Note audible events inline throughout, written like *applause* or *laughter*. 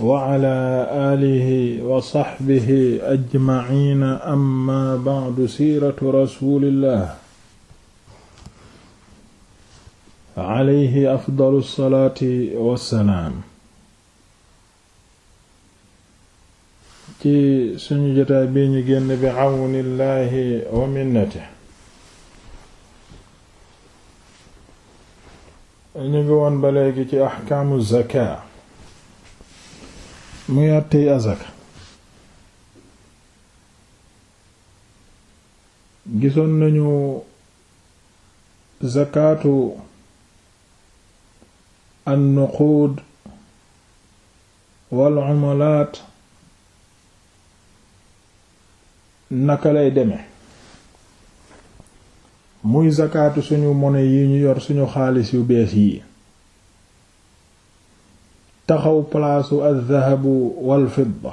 wala alihi wa saxbihi ajmaciina amma bacdu siiratu rasulillah alayhi afdalu salaati wassalaam ci suñu jotaay bi ñu génn bi cawnillahi wa minnatihi ñu ngi woon ba léegi ci axkaamu zakaat muy àttey azaka gisoon nañu zakaatu annuquud wal umalaat naka lay deme muy zakaatu suñu monnaie yi ñu yor suñu xaalis yu bees yi taxaw palaasu walfit walfidda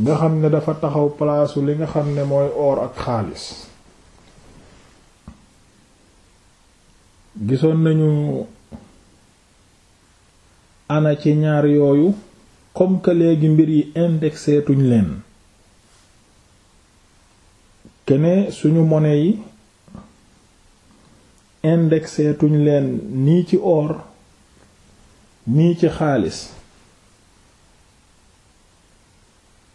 nga xam ne dafa taxaw palaasu li nga xam ne mooy or ak xaalis gisoon nañu ana ci ñaar yooyu comme que léegi mbir yi indexeetuñ leen kene suñu mone yi indexeetuñ leen nii ci or nii ci xaalis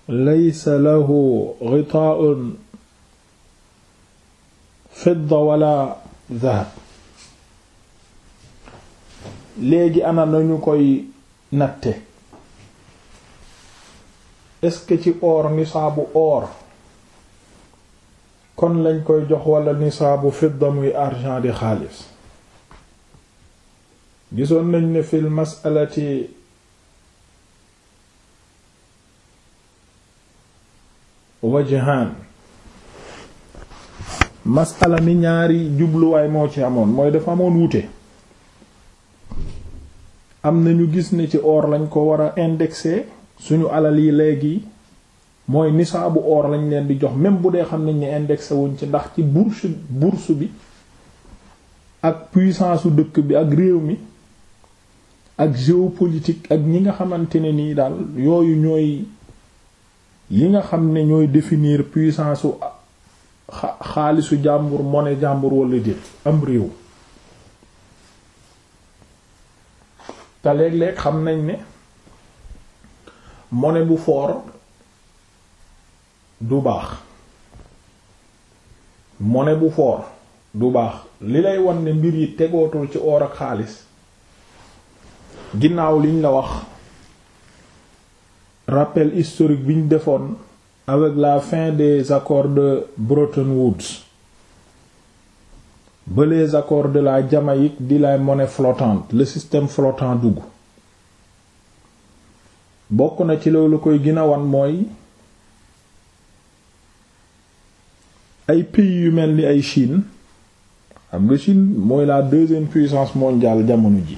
laysa lahu ghita'un fidda wala dhahab léegi ana nañu koy natte est-ce que ci or nisaabu or kon lañ koy jox wala nisaabu fidda muy argent di xaalis gisoon nañ ne fil masalati wajhan masala mi ñaari jubluwaay moo ci amoon mooy dafa amoon wuute am na ñu gis ne ci or lañ ko war a indexé suñu alal yi léegi mooy nisaabu or lañ leen di jox même bu dee xam nañ ni indexé wuñ ci ndax ci bourse bourse bi ak puissance dëkk bi ak réew mi ak géopolitique ak ñi nga xamante ne nii daal yooyu ñooy yi nga xam ne ñooy définir puissance su xaalisu jàmbur mone jàmbur wala déet am réew te léeg-léeg xam nañ ne mone bu fort du baax monnaie bu fort du baax li lay wan ne mbir yi tegootul ci or ak xaalis ginnaaw liñ la wax rappel historique bi ñu defoon avec la fin des accords de Bretton Woods ba accords de la Jamaïque di la monnaie flottante le système flottant dugg bokk na ci loolu koy gën mooy ay pays yu mel ni ay Chine am nga Chine mooy la deuxième puissance mondiale jamono ji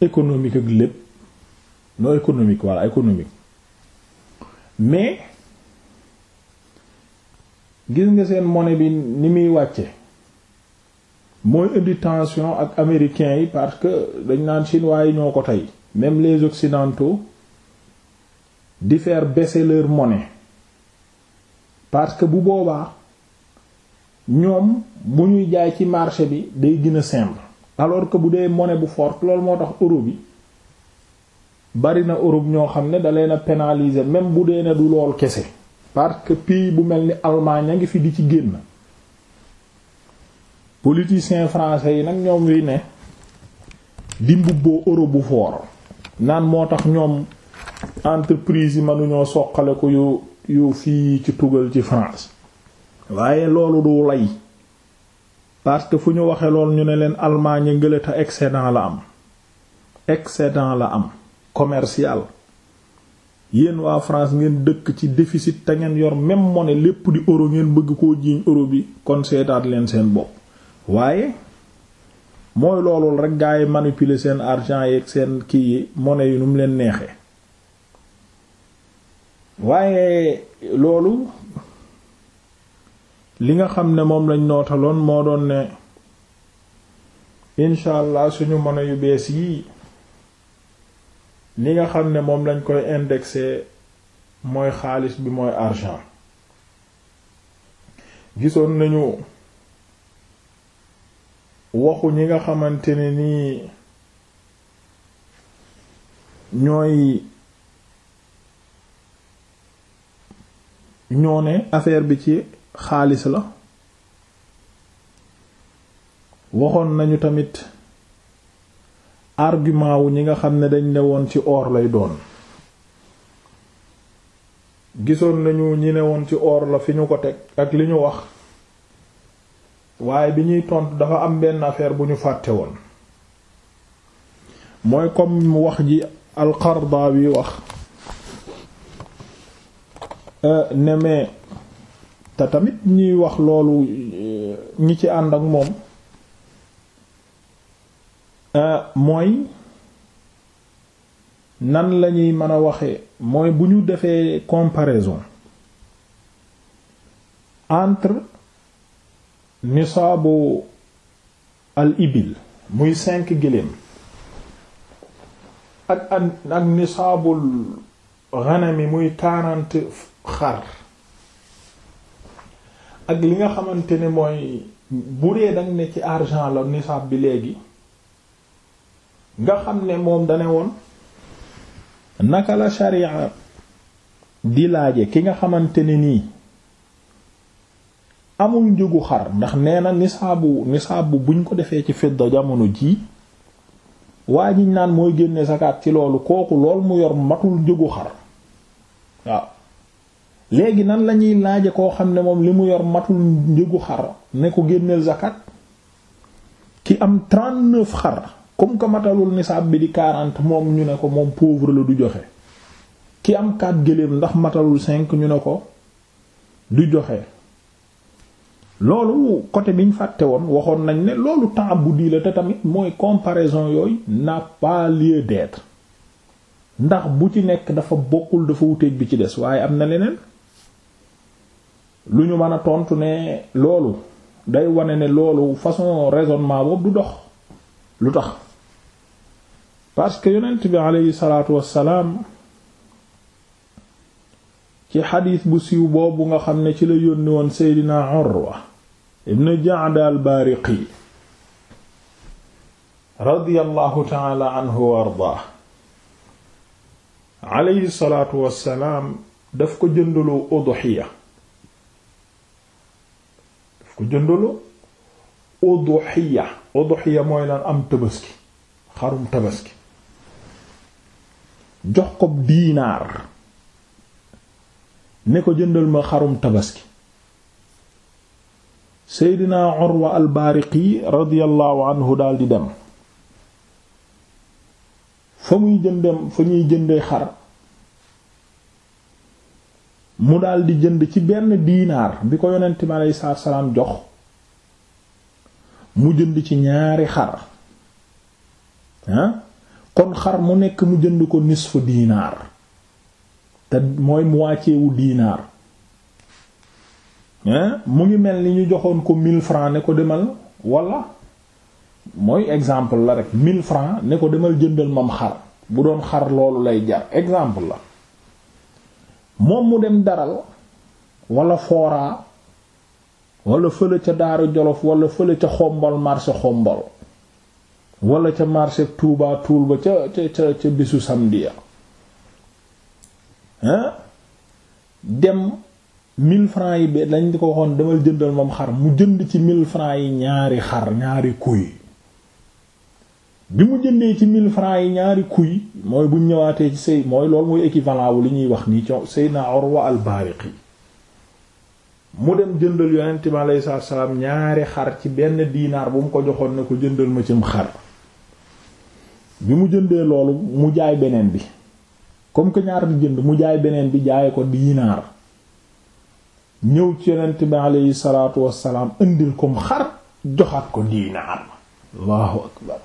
économique ak lépp non économique voilà économique mais gis nga seen monnaie bi ni muy wàcce mooy indi tension ak américains yi parce que dañ naan chinois yi ñoo ko tey même les occidentaux di faire baisser leur parce que bu boobaa ñoom bu ñuy jaay ci marché bi day gën a simple alors que bu dee monnaie bu foor loolu moo tax euro bi bari na Europe ñoo xam ne da leen a pénaliser même bu dee ne du lool kese parce que pays bu mel ni Allemagne a ngi fi di ci génn politiciens français yi nag ñoom wi ne di mbubboo euro bu fort naan moo tax ñoom entreprise yi ñoo soqale ko yu yu fii ci tugal ci France waaye loolu du lay parce que fu ñu waxee lool ñu ne leen Allemagne ngëlata excédent la am excédent la am commercial yéen waa France ngeen dëkk ci déficit te ngeen yor même monnaie lépp di euro ngeen bëgg koo jiiñ euro bi kon seetaat leen seen bopp waaye mooy loolul rek gaa yi manipuler seen argent yi ak seen kii yi monnaie yi nu mu leen neexee waaye loolu li nga xam ne moom lañ nootaloon moo doon ne incha allah suñu mono yu bees yii li nga xam ne moom lañ koy indexé mooy xaalis bi mooy argent gisoon nañu waxu ñi nga xamante ne nii ñooy ñoo ne affaire bi ci xaalis la waxoon nañu tamit argument wu ñi nga xam ne dañ ne woon ci or lay doon gisoon nañu ñi ne woon ci or la fi ñu ko teg ak li ñu wax waaye bi ñuy tontu dafa am benn affaire bu ñu fàtte woon mooy comme wax ji alxarda wi wax euh, ne te tamit ñuy wax loolu euh, ñi ci ànd ak moom euh, mooy nan lañuy mën a waxee mooy bu ñu defee compareson entre nisaabu al ibil muy cinq gëléem ak ak nisaabul mi muy quarante xar ak li nga xamante ne mooy bu dee dang ne ci argent la nisaab bi léegi nga xam ne moom dane woon naka la sharia di laaje ki nga xamante ne nii amul njëgu xar ndax nee na nisaabu nisaabu buñ ko defee ci fidda jamono jii waa jiñ naan mooy génne sakaat ci loolu kooku lool mu yor matul njëgu xar waaw léegi nan lañuy ñuy koo xam ne moom li mu yor matul njëgu xar ne ko génneel zakat ki am 39 xar comme que matalul nisaab bi di 40 moom ñu ne ko moom pauvre la du joxe ki am 4 gëléem ndax matalul 5 ñu ne ko du joxe loolu côté bi ñu fàtte woon waxoon nañ ne loolu temps bu diila te tamit mooy comparaison yooyu n'a pas lieu d'être ndax bu ci nekk dafa bokkul dafa wuteeg bi ci des waaye am na leneen lu ñu mën a tontu ne loolu day wane ne loolu façon raisonnement boobu du dox lu tax parce que yonent bi aleyhi salaatu wassalaam ci xadiis bu siiw boobu nga xam ne ci la yónni woon Seydina Urwa ibn Ja'd al-Bariqi radiyallahu wa ardaah aleyhi salaatu wassalaam daf ko jëndaloo udhiya ku jëndalu uduxiya uduxiya mooy lan am tabaski xarum tabaski jox ko diinaar ne ko jëndal ma xarum tabaski seydina Urwa al-Bariqi anhu daal di dem fa muy jëndem fa ñuy jëndee xar mu daal di jënd ci benn diinaar bi ko yonent bi aleyhi salaam jox mu jënd ci ñaari xar ah, kon xar mu nekk mu jënd ko nisfu diinaar te mooy moitié wu diinaar ah, mu ngi mel ni ñu joxoon ko 1000 francs ne ko demal walla mooy exemple la rek 1000 francs ne ko demal jëndal mam xar bu doon xar loolu lay jar exemple la moom mu dem daral walla fooraa wala fële ca daaru jolof wala fële ca xombal marché xombal wala ca marché tuubaa tuul ba ca ca ca bisu samedi ya hein dem mille francs yi be lañ ko waxoon demal jëndal moom xar mu jënd ci mille francs yi ñaari xar ñaari kuy bi mu jëndee ci 1000 francs yi ñaari kuy mooy bu ñëwaatee ci say mooy loolu mooy équivalent wu li ñuy wax nii co naa Urwa al-Bariqi mu dem jëndal yonent bi alayhi ñaari xar ci benn diinaar bu mu ko joxoon ne ko jëndal ma cim xar bi mu jëndee loolu mu jaay beneen bi comme que ñaar bi jënd mu jaay beneen bi jaay ko diinaar ñëw ci yonent bi alayhi salaatu indil kom xar joxaat ko diinaar Allahu akbar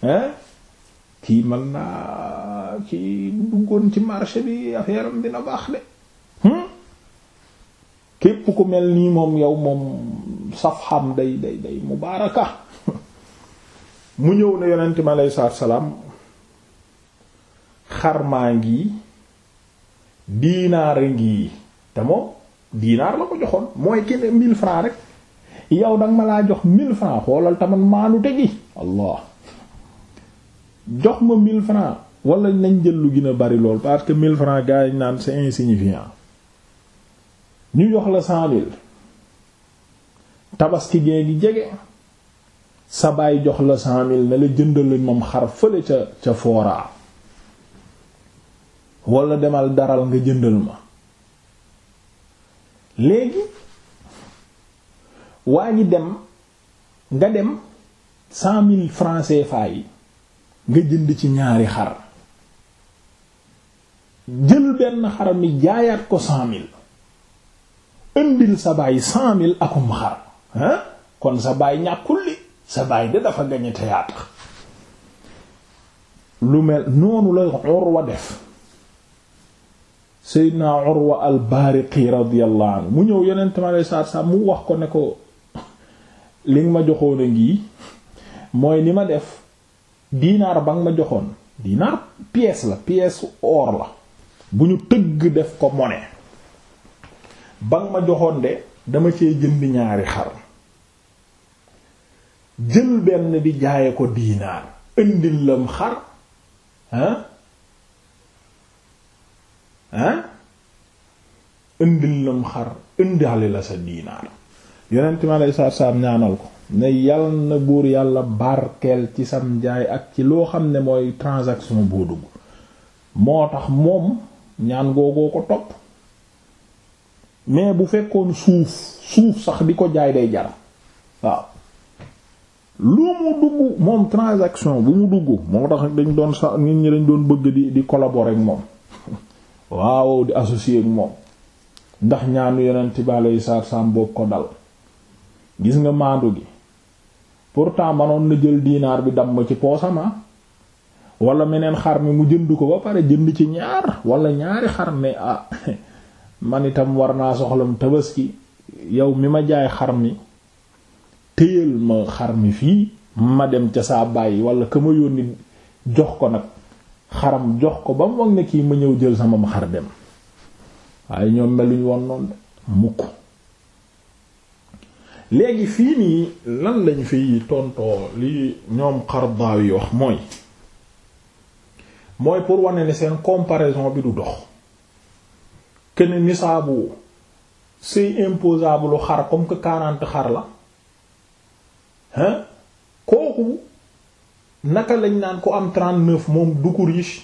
kii man naa kii duggoon ci marché bi affaire am dina baax de hmm? képp ku mel nii moom yow moom saf xam day day day mubaaraka *laughs* mu ñëw ne yonent mi aleyhi salaatu salaam xar maa ngi diinaara ngi te moom diinaar la ko joxoon mooy kenn mille francs rek yow danga ma laa jox mille francs xoolal taman maanu tegi allah jox ma mille francs wala nañ jël lu gën bari lool parce que 1000 francs gars yi naan c'est insignifiant ñu jox la 100000 tabaski gee gi jege sa baay jox la 100000 ne la jëndal moom xar ca ca fooraa wala demal daral nga jëndal ma léegi waa ngi dem nga dem 100000 francs CFA yi. nga jënd ci ñaari xar jël benn xar mi jaayaat ko cent mille indil sa baay cent akum xar kon sa baay ñàkkul li sa baay da dafa gañe yaa tax lu mel noonu la Urwa def Seydina Urwa al radiyallahu anhu mu ñëw yeneen tamit ay saar saar mu wax ko ne ko li nga ma joxoon a ngi mooy ni ma def dinaar ba nga ma joxoon dinaar pièce la pièce or la bu ñu tëgg def ko monnaie ba nga ma joxoon de dama cee jënd ñaari xar jël benn bi jaaye ko dinaar indil lam xar ah ah indil lam xar indiali la sa dinaar yonent mi aleyhi salaatu salaam ñaanal ko ne yal na buur yàlla barkeel ci sam njaay ak ci loo xam ne mooy transaction boo dugg moo tax moom ñaan googoo ko topp mais bu fekkoon suuf sax di ko jaay day jar waaw lu mu dugg moom transaction bu mu dugg moo tax dañ doon sax nit ñi dañ doon bëgg di di collaborer ak moom *laughs* waaw di associer ak moom ndax ñaanu yonent bi yu salaatu salaam boobu ko dal gis nga maandu gi pourtant manoon na jël diinaar bi dam damm ci poosama ah. walla meneen xar mi mu jënd ko ba pare jënd ci ñaar wala ñaari xar ne ah *laughs* man itam war naa soxlam tabaski yow mi ma jaay xar mi téyal ma xar mi fii ma dem ca saa bàyyi wala ka ma yónni jox ko nag xaram jox ko ba mu mag ne kii ma ñëw jël sama ma xar dem waaye ñoom meluñ woon noonu mukk léegi fii nii lan lañu fi tontoo li ñoom Qardawi yi wax mooy mooy pour wane ne seen comparaison bi du dox que ne nisaabu c'est imposable lu xar comme que quarante xar la hein kooku naka lañ naan ko am trente-neuf moom du ko riche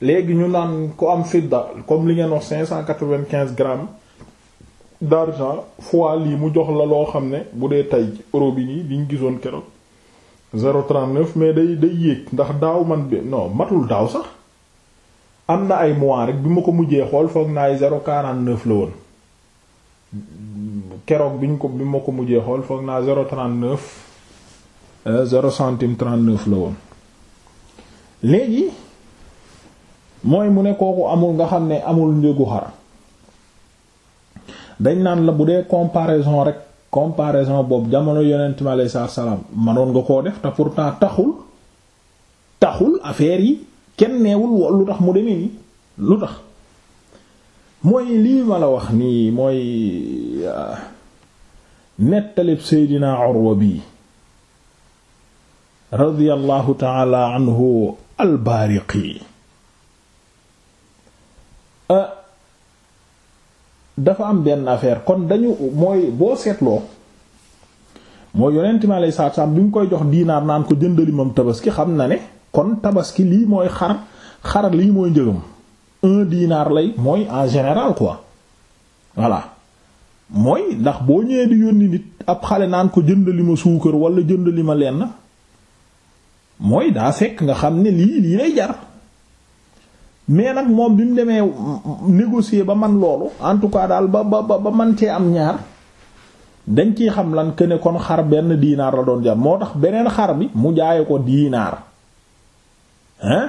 léegi ñu naan ko am fidda comme li ngeen wax cinq cent quatre vingt grammes d'argent fois lii mu jox la loo xam ne bu dee tay euro bi nii liñ gisoon keroog 0,39 mais day day yéeg ndax daaw man bi non matul daaw sax am na ay mois rek bi ma ko mujjee xool foog naa ay 0,49 la woon keroog biñ ko bi mujjee xool foog naa 0,39 0 euh, centime 39 la woon léegi mooy mu ne kooku amul nga xam ne amul njëgu xar dañ naan la bu dee comparaison rek comparaison boobu jamono yonent mi alayhi salaam manoon nga koo def te pourtant taxul taxul affaire yi kenn neewul lu tax mu demee nii lu tax mooy lii ma la wax nii mooy euh, nettalib Seydina Urwa bi radiyallahu ta'ala anhu dafa am benn affaire kon dañu mooy boo seetloo mooy yonent mi alayhi salaatu bi mu koy jox diinaar naan ko jëndali moom tabaski xam na ne kon tabaski lii mooy xar xar lii mooy njëgam un diinaar lay mooy en général quoi voilà mooy ndax boo ñëwee di yónni nit ab xale naan ko jëndali ma suukar wala jëndali ma lenn mooy daa fekk nga xam ne lii lii lay jar. mais nag moom bi mu demee négocier ba man loolu en tout cas daal ba ba ba man cee am ñaar dañ ciy xam lan que ne kon xar benn diinaar la doon jar moo tax beneen xar bi mu jaaye ko diinaar hein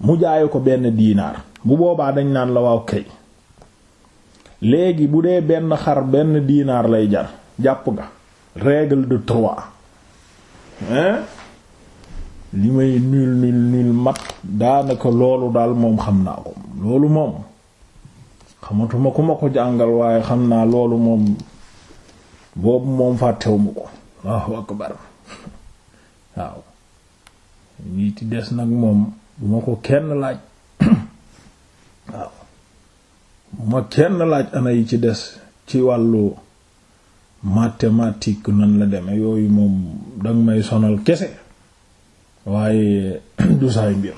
mu jaaye ko benn diinaar bu boobaa dañ naan la waaw kay léegi bu dee benn xar benn diinaar lay jar jàpp nga règle de trois hein li may nul nul nul mat daanaka loolu daal moom xam naa ko loolu moom xamatuma ku ma ko jàngal waaye xam naa loolu moom boobu moom fàttewuma ko waaw akbar waaw ñi des nag moom bu ma ko kenn laaj *coughs* waaw bu ma kenn laaj ana yi ci des ci wàllu mathématique nan la deme yooyu moom danga may sonal kese waaye *clears throat* du saay mbir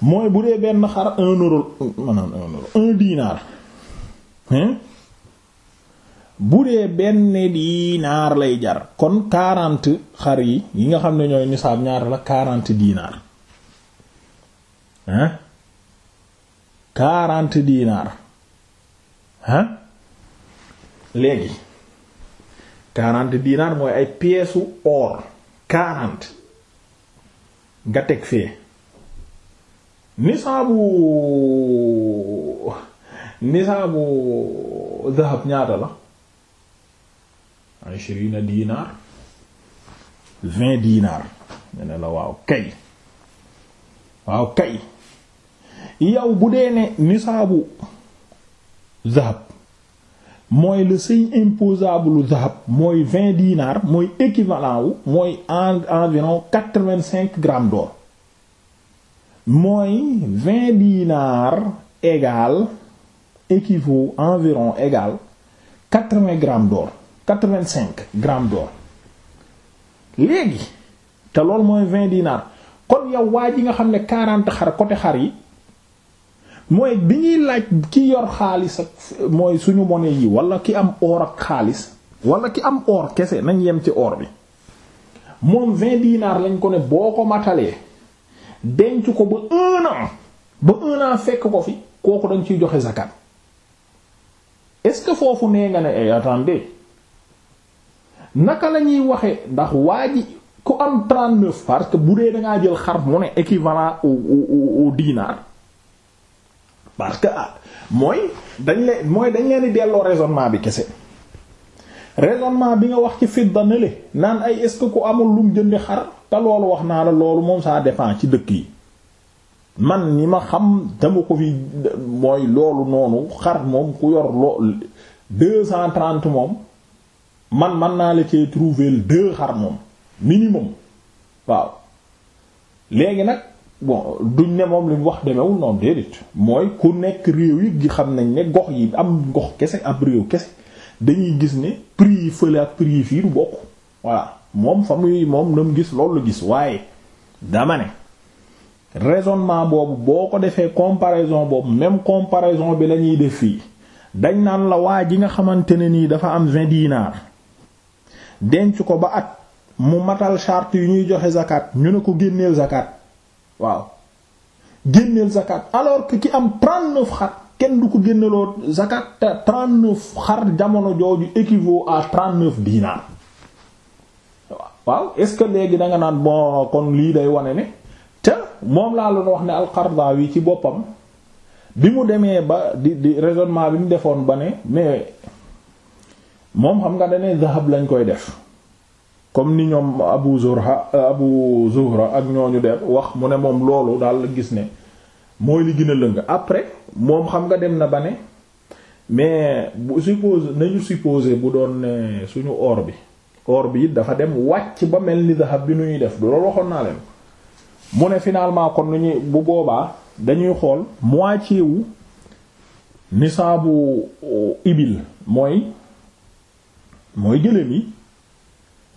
mooy bu dee benn xar un euro maanaam un euro un dinaar bu dee benn dinaar lay jar kon quarante xar yi yi nga xam ne ñooy nisaab ñaar la quarante dinaar hein quarante dinaar hein léegi quarante dinaar mooy ay pièces or quarante nga teg fee nisaabu nisaabu zahab ñaata la ishrina dinar vingt dinar ñu la waaw kay waaw kay yow bu dee ne nisaabu zahab mooy le seuil imposable zahab mooy vingt dinars mooy équivalent wu mooy en environ quatre-vingt-cinq grammes d'or mooy vingt dinars égal équivaut environ égal quatre-vingts grammes d'or quatre-vingt-cinq léegi te loolu mooy vingt dinars kon yow waa ji nga xam ne quarante xar côté xar yi. mooy bi ñuy laaj ki yor xaalis ak mooy suñu monnaie yi walla ki am or ak xaalis wala ki am or kese nañ yem ci or bi moom vingt dinars lañ ko ne boo ko matalee denc ko ba un ba un fekk ko fi kooku dañ ciy joxe zakat est-ce que foofu nee nga ne ay eh, attendez naka la ñuy waxee ndax waa ji ku am 39 parce que bu dee da jël xar mu ne équivalent au au au dinar parce que ah mooy dañ leen mooy dañ leen di delloo raisonnement bi kese raisonnement bi nga wax ci fidda nele naan ay est-ce que ku amul lum jëndi xar te loolu wax naa la loolu moom saa dépend ci dëkk yi man ñi ma xam dama ko fi mooy loolu noonu xar moom ku yor loo deux cent trente moom man man naa la cee trouver deux xar moom minimum waaw léegi nag bon duñ ne moom li wax demewul noonu déedéet mooy ku nekk réew yi gi xam nañ ne gox yi am gox kese ab réew kese dañuy gis ne prix yi fële ak prix yi fii du bokk voilà moom fa muy moom na mu gis loolu gis waaye dama ne raisonnement boobu boo ko defee comparaison boobu même comparaison bi la ñuy def fii dañ naan la waa ji nga xamante ne nii dafa am vingt dinaar denc ko ba ak mu matal charte yu ñuy joxe zakat ñu ne ko génnee zakat. waaw génneel zakat alors que ki am 39 xar kenn du ko génneloo zakat te 39 xar jamono jooju équivaut à 39 dinar waaw est-ce que léegi da nga naan bon kon lii day wane ne te moom laa doon wax ne al-Qardawi ci boppam bi mu demee ba di di raisonnement bi mu defoon ba ne mais moom xam nga dane zahab lañ koy def comme ni ñoom abu zurha abu zuhra ak ñoo ñu def wax mu ne moom loolu daal la gis ne mooy li gën a lëng après moom xam nga dem na ba ne mais bu suppose nañu supposé bu doon ne suñu or bi or bi it dafa dem wàcc ba mel ni dahab bi nu def loolu waxoon naa leen mu ne finalement kon lu ñuy bu boobaa dañuy xool moitié wu bu ibil mooy mooy gëléem yi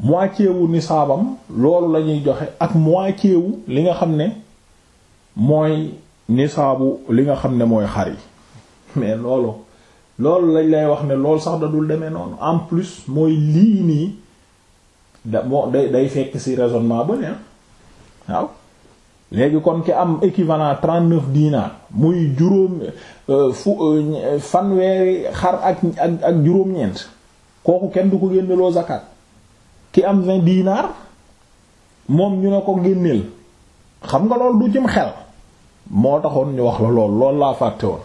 moitié wu nisaabam loolu la ñuy joxe ak moitié wu li nga xam ne mooy nisaabu li nga xam ne mooy xar yi mais loolu loolu lañ lay wax ne loolu sax dadul dul demee noonu en plus mooy lii nii da moo day day fekk ci raisonnement ba ne ah. waaw léegi kon ki am équivalent trente-neuf dinar muy juróom euh, fu euh, fanweeri xar ak ak juróom-ñeent kooku kenn du ko génne loo zakat ki am vingt dinaar moom ñu ne ko génneel xam nga lool du cim xel moo taxoon ñu wax la lool lool laa fàtte woon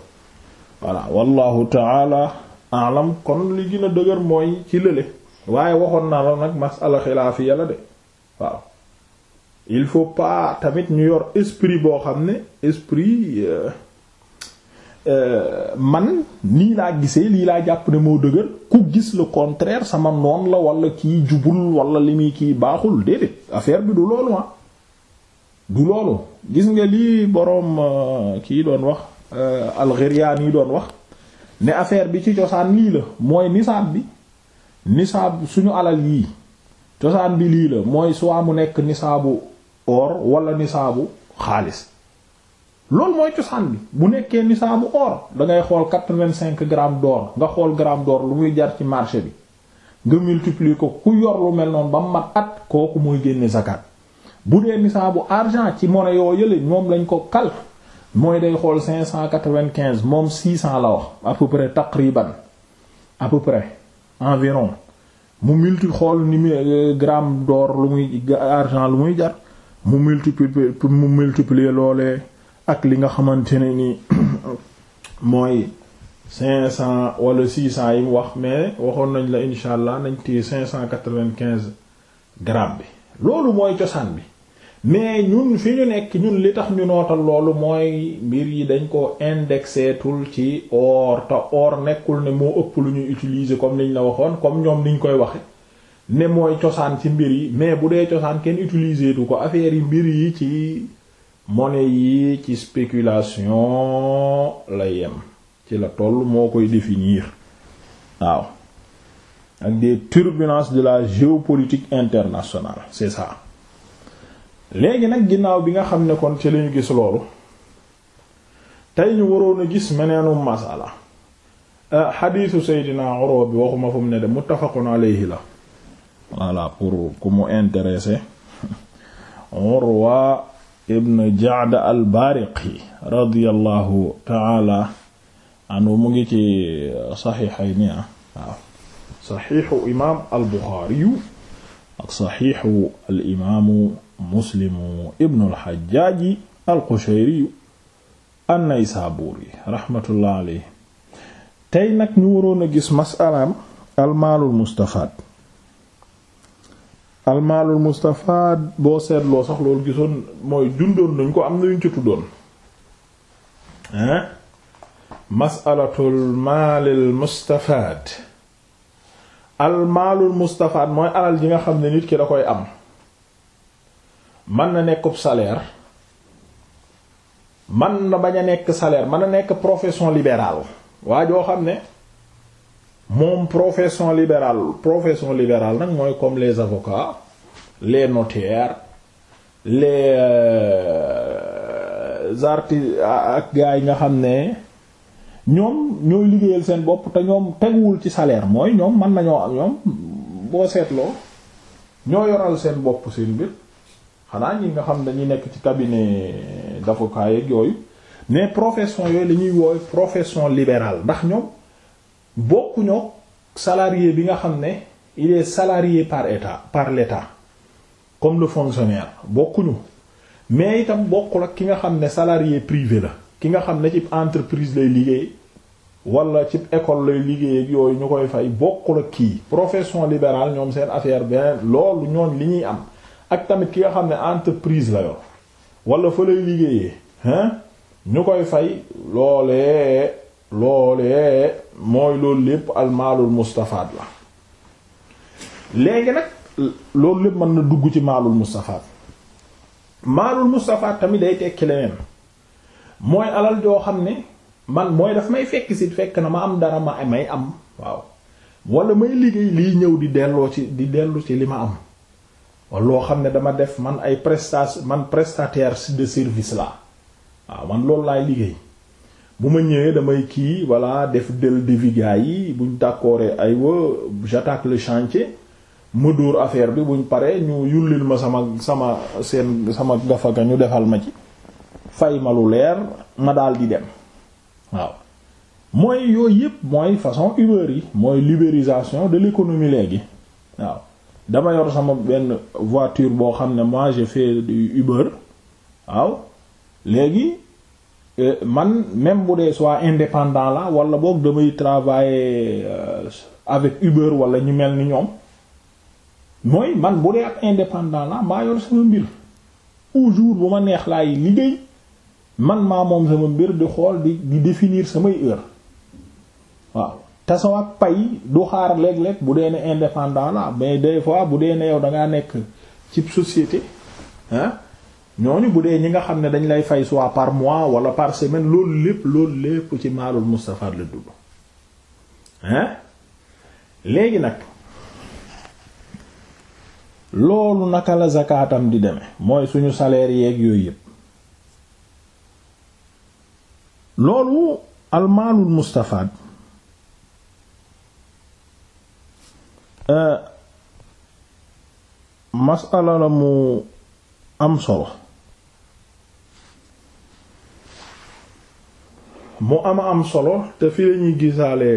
voilà wallahu taala alam kon li gën a dëgër mooy ci lële waaye waxoon naa la nag masala xilaafiya la de waaw il faut pas tamit ñu yor esprit boo xam ne esprit euh, Euh, man nii laa gisee lii laa jàpp ne moo dëgër ku gis le contraire sama noon la wala kii jubul wala li muy kii baaxul déedéet affaire bi du loolu ma ah. du loolu gis nga lii boroom euh, kii doon wax euh, algérian yi doon wax ne affaire bi ci cosaan lii la mooy nisaab bi nisaab suñu alal yi cosaan bi lii la mooy soit mu nekk nisaabu or wala nisaabu xaalis loolu mooy cosaan bi bu nekkee nisaabu or da ngay xool quatre vingt nga xool gramme d'or lu muy jar ci marché bi nga multiplier ko ku yor lu mel noonu ba mat at kooku mooy génne zakat bu dee nisaabu argent ci monnaie yoo moom lañ ko kal mooy day xool cinq cent quatre vingt moom six cent la wax à peu près taqriban à peu près environ mu multi xool ni euh, gramme door lu muy argent lu muy jar mu multiplier mu multiplier loolee. ak li nga xamante ne ni *clears throat* mooy cinq cent wala six cent yi mu wax mais waxoon nañ la insha allah nañ téye cinq cent quatre-vingt-quinze bi loolu mooy cosaan bi mais ñun fi ñu nekk ñun li tax ñu nootal loolu mooy mbir yi dañ ko indexé tul ci or te or nekkul ne moo ëpp lu ñuy utiliser comme li ñu la waxoon comme ñoom li ñu koy waxe ne mooy cosaan ci mbir yi mais bu dee cosaan kenn utiliser du ko affaire yi mbir yi ci monnaie yi ci spéculation la yem ci la toll moo koy définir waaw ak des turbulences de la géopolitique internationale c'est ça léegi nag ginnaaw bi nga xam ne kon ci lañu gis loolu tey ñu waroon a gis meneenu masala euh, xadiisu Seydina Urwa bi waxuma fu mu ne de muttafaqun alayhi la voilà pour ku mu intéressé *laughs* Urwa ibn Ja'd al-Bariqi radiyallahu ta'ala anhu mu ngi ci saxiixayni ah waaw saxiixu imaam al-Buxaariyu ak saxiixu al-imaamu Muslimu ibn al-Hajjaaji al-Qushayriyu an-Naysaabuuri raxmatullahi alayhi tey nag ñu waroon a gis masalaam almaalul mustafaad almaalul mustafaad boo seetloo sax loolu gisoon mooy jundoon nañ ko am na yuñ ci tuddoon hein masalatul maalil mustafaad mooy alal ji nga xam ne nit ki da koy am mën na nekkub salaire man na bañ a nekk salaire man a nekk profession libérale waa joo xam ne moom profession libérale profession libérale nag mooy comme les avocats les notaires les euh, artistes ak gars yi nga xam ne ñoom ñooy liggéeyal seen bopp te ñoom teguwul ci salaire mooy ñoom mën nañoo am ñoom boo seetloo ñoo yoral seen bopp seen mbir xanaa ñi nga xam dañuy nekk ci cabinet d'avocat yeeg yooyu mais profession yooyu la ñuy woowe profession libérale ndax ñoom bokkuñoo salarié bi nga xam ne il est par état par l'état comme le fonctionnaire bokkuñu mais itam bokkul ak ki nga xam ne salarié privé la ki nga xam ne ci entreprise lay liggéey wala ci école lay liggéey yooyu ñu koy fay bokkul ak kii profession libérale ñoom seen affaire beneen loolu ñoon li ñuy am ak tamit ki nga xam ne entreprise la yor wala fa lay liggéeyee hein ñu koy fay loolee loolee mooy loolu lépp almaalul mustafaat la léegi nag loolu lépp mën na dugg ci maalul mustafaat maalul mustafaat tamit day tekki leneen mooy alal joo xam ne man mooy daf may fekk si fekk na ma am dara ma may am waaw walla may liggéey liy ñëw di delloo ci di dellu ci li ma am wala loo xam ne dama def man ay prestation man prestataire de service la waaw man loolu laay liggéey bu ma ñëwee damay kii voilà def del devis gars yi buñ d'accooree aywa j'attaque le chantier ma dóor affaire bi buñ pare ñu yullil ma sama sama seen sama gafaga ñu defal ma ci fay ma lu leer ma daal di dem waaw mooy yooyu yëpp mooy façon Uber yi mooy libéralisation de l'économie léegi waaw dama yor sama benn voiture boo xam ne moi j'ai fait du waaw léegi Euh, man même bu dee soit indépendant la wala boog damay travailler euh, avec Uber wala ñu mel ni ñoom mooy man bu dee ak indépendant la maa yor sama mbir au jour bu ma neex laay liggéey man maa moom sama mbir di xool di di définir samay heure waaw te sama pay du xaar léeg-léeg bu dee ne indépendant la mais des fois bu dee ne yow da ngaa nekk ci société ah ñooñu bu dee ñi nga xam ne dañ lay fay soit par mois wala par semaine loolu lépp loolu lépp ci maalul mustafar la dudd hein léegi nag loolu naka la zakaatam di demee mooy suñu salaire yeeg yooyu yépp loolu almaalul mustafaad euh, masala la mu am solo mu ama am solo te fi lañuy gisaale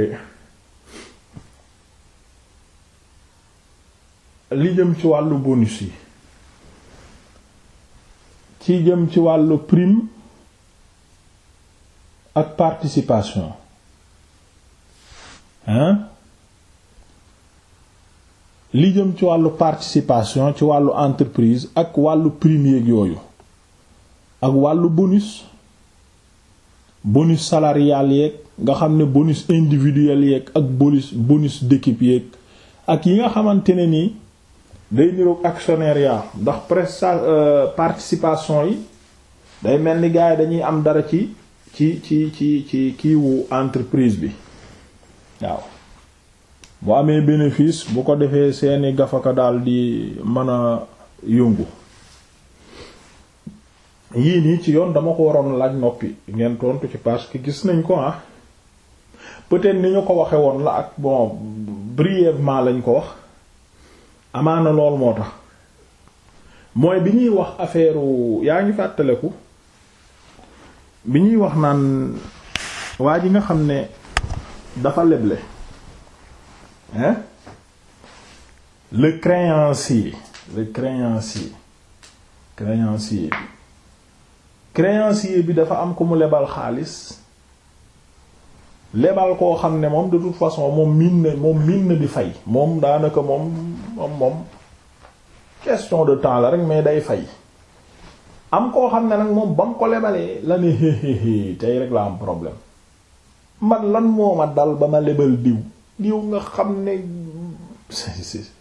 li jëm ci wàllu bonus yi ci jëm ci wàllu prime ak participation hein li jëm ci wàllu participation ci wàllu entreprise ak wàllu prime yeeg yooyu ak wàllu bonus bonus salarial yéeg nga xam ne bonus individuel yéeg ak bonus bonus d'équipe yéeg ak yi nga xamante ne nii day niroog actionnariat ndax presta euh, participation yi day mel ni gars dañuy am dara ci ci ci ci ci kiiwu entreprise bi waaw bu amee bénéfice bu ko defee seeni gafaka daal di mën a yëngu yii nii ci yoon dama ko waroon laaj noppi ngeen tontu ci parce que gis nañ ko ah peut-être ni ñu ko waxe woon la ak bon brièvement lañ ko wax amaana lool moo tax mooy bi ñuy wax affaire yaa ngi fàttaleku bi ñuy wax naan waa ji nga xam ne dafa leble hein le créancier le créancier créancier créancier bi dafa am ko mu lebal xaalis lebal koo xam ne moom de toute façon moom miin na moom miin na di fay moom daanaka moom moom moom question de temps la rek mais day fay am koo xam ne nag moom ba mu ko lebalee la ne héhéhé tey rek la am problème man lan moo ma dal ba ma lebal diw diw nga xam ne *laughs*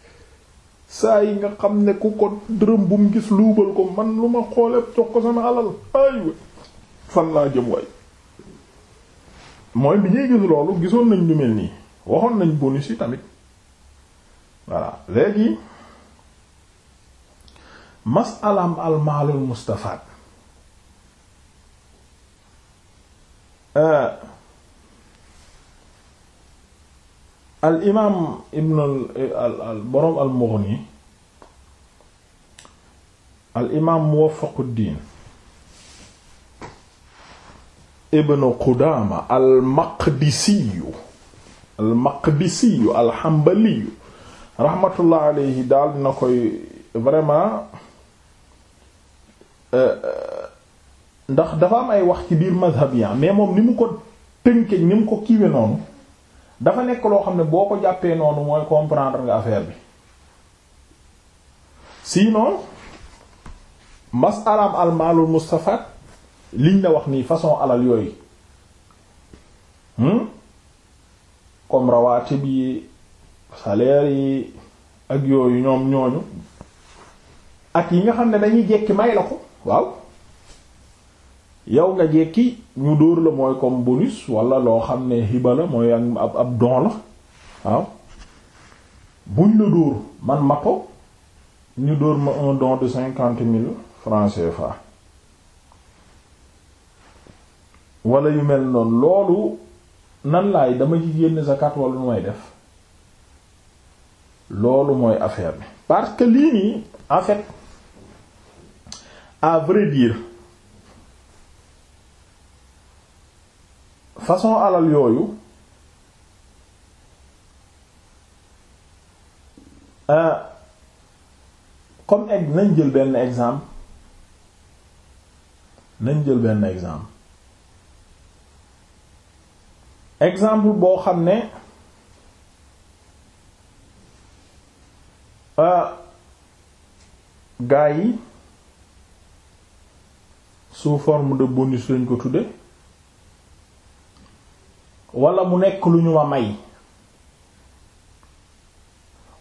saa yi nga xam ne ku ko dërëm bu mu gis luubal ko man lu ma xoolee jox ko sama alal aywa fan laa jëm waay mooy bi ñuy gis loolu gisoon nañ lu mel nii waxoon nañ bonus yi tamit voilà léegi masalaam almaalul mustafaat euh, al imaam ibn al al boroom al mughni al imaam muwaffaquddin ibn qudaama al maqdisiyu al maqdisiyu al hanbaliyu rahmatullah alayhi daal dina koy vraiment euh, euh, ndax dafa am ay wax ci biir madhab ya mais moom ni mu ko tënke ni mu ko kiiwe noonu dafa nekk loo xam ne boo ko jàppee noonu mooy comprendre nga affaire bi sinon masalaam almaalul mustafat liñ la wax nii façon alal yooyu hmm? comme rawaatib yi salaire yi ak yooyu ñoom ñooñu ak yi nga xam ne dañuy jekki may la ko waaw yow nga jekki ñu dóor la mooy comme bonus walla loo xam ne hiba la mooy ab ab don la waaw buñ la dóor man ma ñu dóor ma un don de cinquante mille francs fa wala yu mel noonu loolu nan laay dama ci génn zakat wala nu may def loolu mooy affaire bi parce que lii nii en fait façon alal yooyu euh, comme egg nañ jël benn exemple nañ jël benn exemple exemple boo xam ne euh, gaa yi sous forme de bonus lañ ko tudde wala mu nekk lu ñu ma may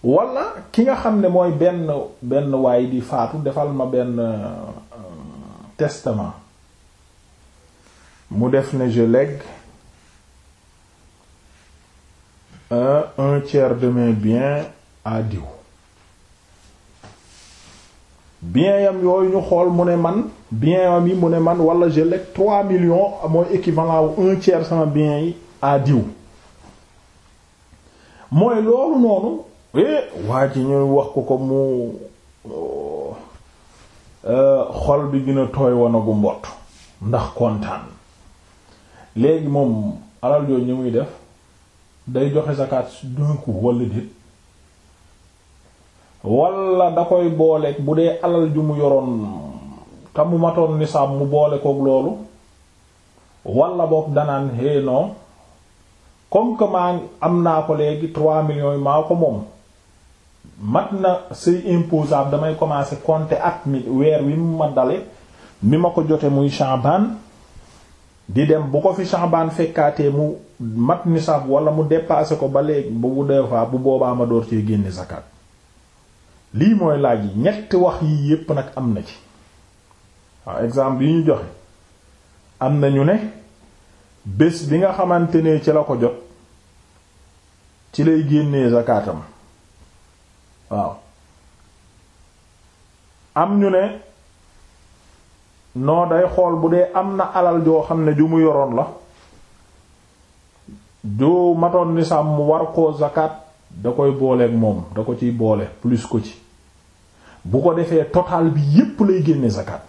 wala ki nga xam ne mooy benn benn waay di faatu defal ma benn euh, testament mu def ne je lègue euh, un tiers de mes biens à diw bien yam yooyu ñu xool mu ne man bien yam yi mu ne man wala je lègue trois millions mooy équivalent wu un tiers sama biens yi à diw mooy loolu noonu eh, waa ci ñuy wax ko ko mu euh, xol bi gën a tooy wanagu mbott ndax kontaan léegi moom alal yooyu ñu muy def day joxe zakat d'un coup wala déet wala da koy booleeg bu dee alal ju mu yoroon te mu matoon nisaab mu boole koog loolu wala boog danaan hey non comme que maa am naa ko léegi trois millions yi maa ko moom mat na c'est imposable damay commencer compter at mi weer wi mu ma dale mi ma ko jotee muy Chaban di dem bu ko fi Chaban fekkaatee mu mat nisaab wala mu dépasser ko ba léegi bu dee fa bu boobaa ma door cee génne zakat lii mooy laaj yi ñetti wax yii yépp nag am na ci waaw exemple yi ñu joxe am na ñu ne bés bi nga xamante ne ci la ko jot ci lay génnee zakaatam waaw am ñu ne noo day xool bu dee am na alal joo xam ne ju mu yoroon la ju matoon nisaab sàmm war koo zakat da koy booleek moom da ko ciy boole plus ko ci bu ko defee total bi yëpp lay génne zakat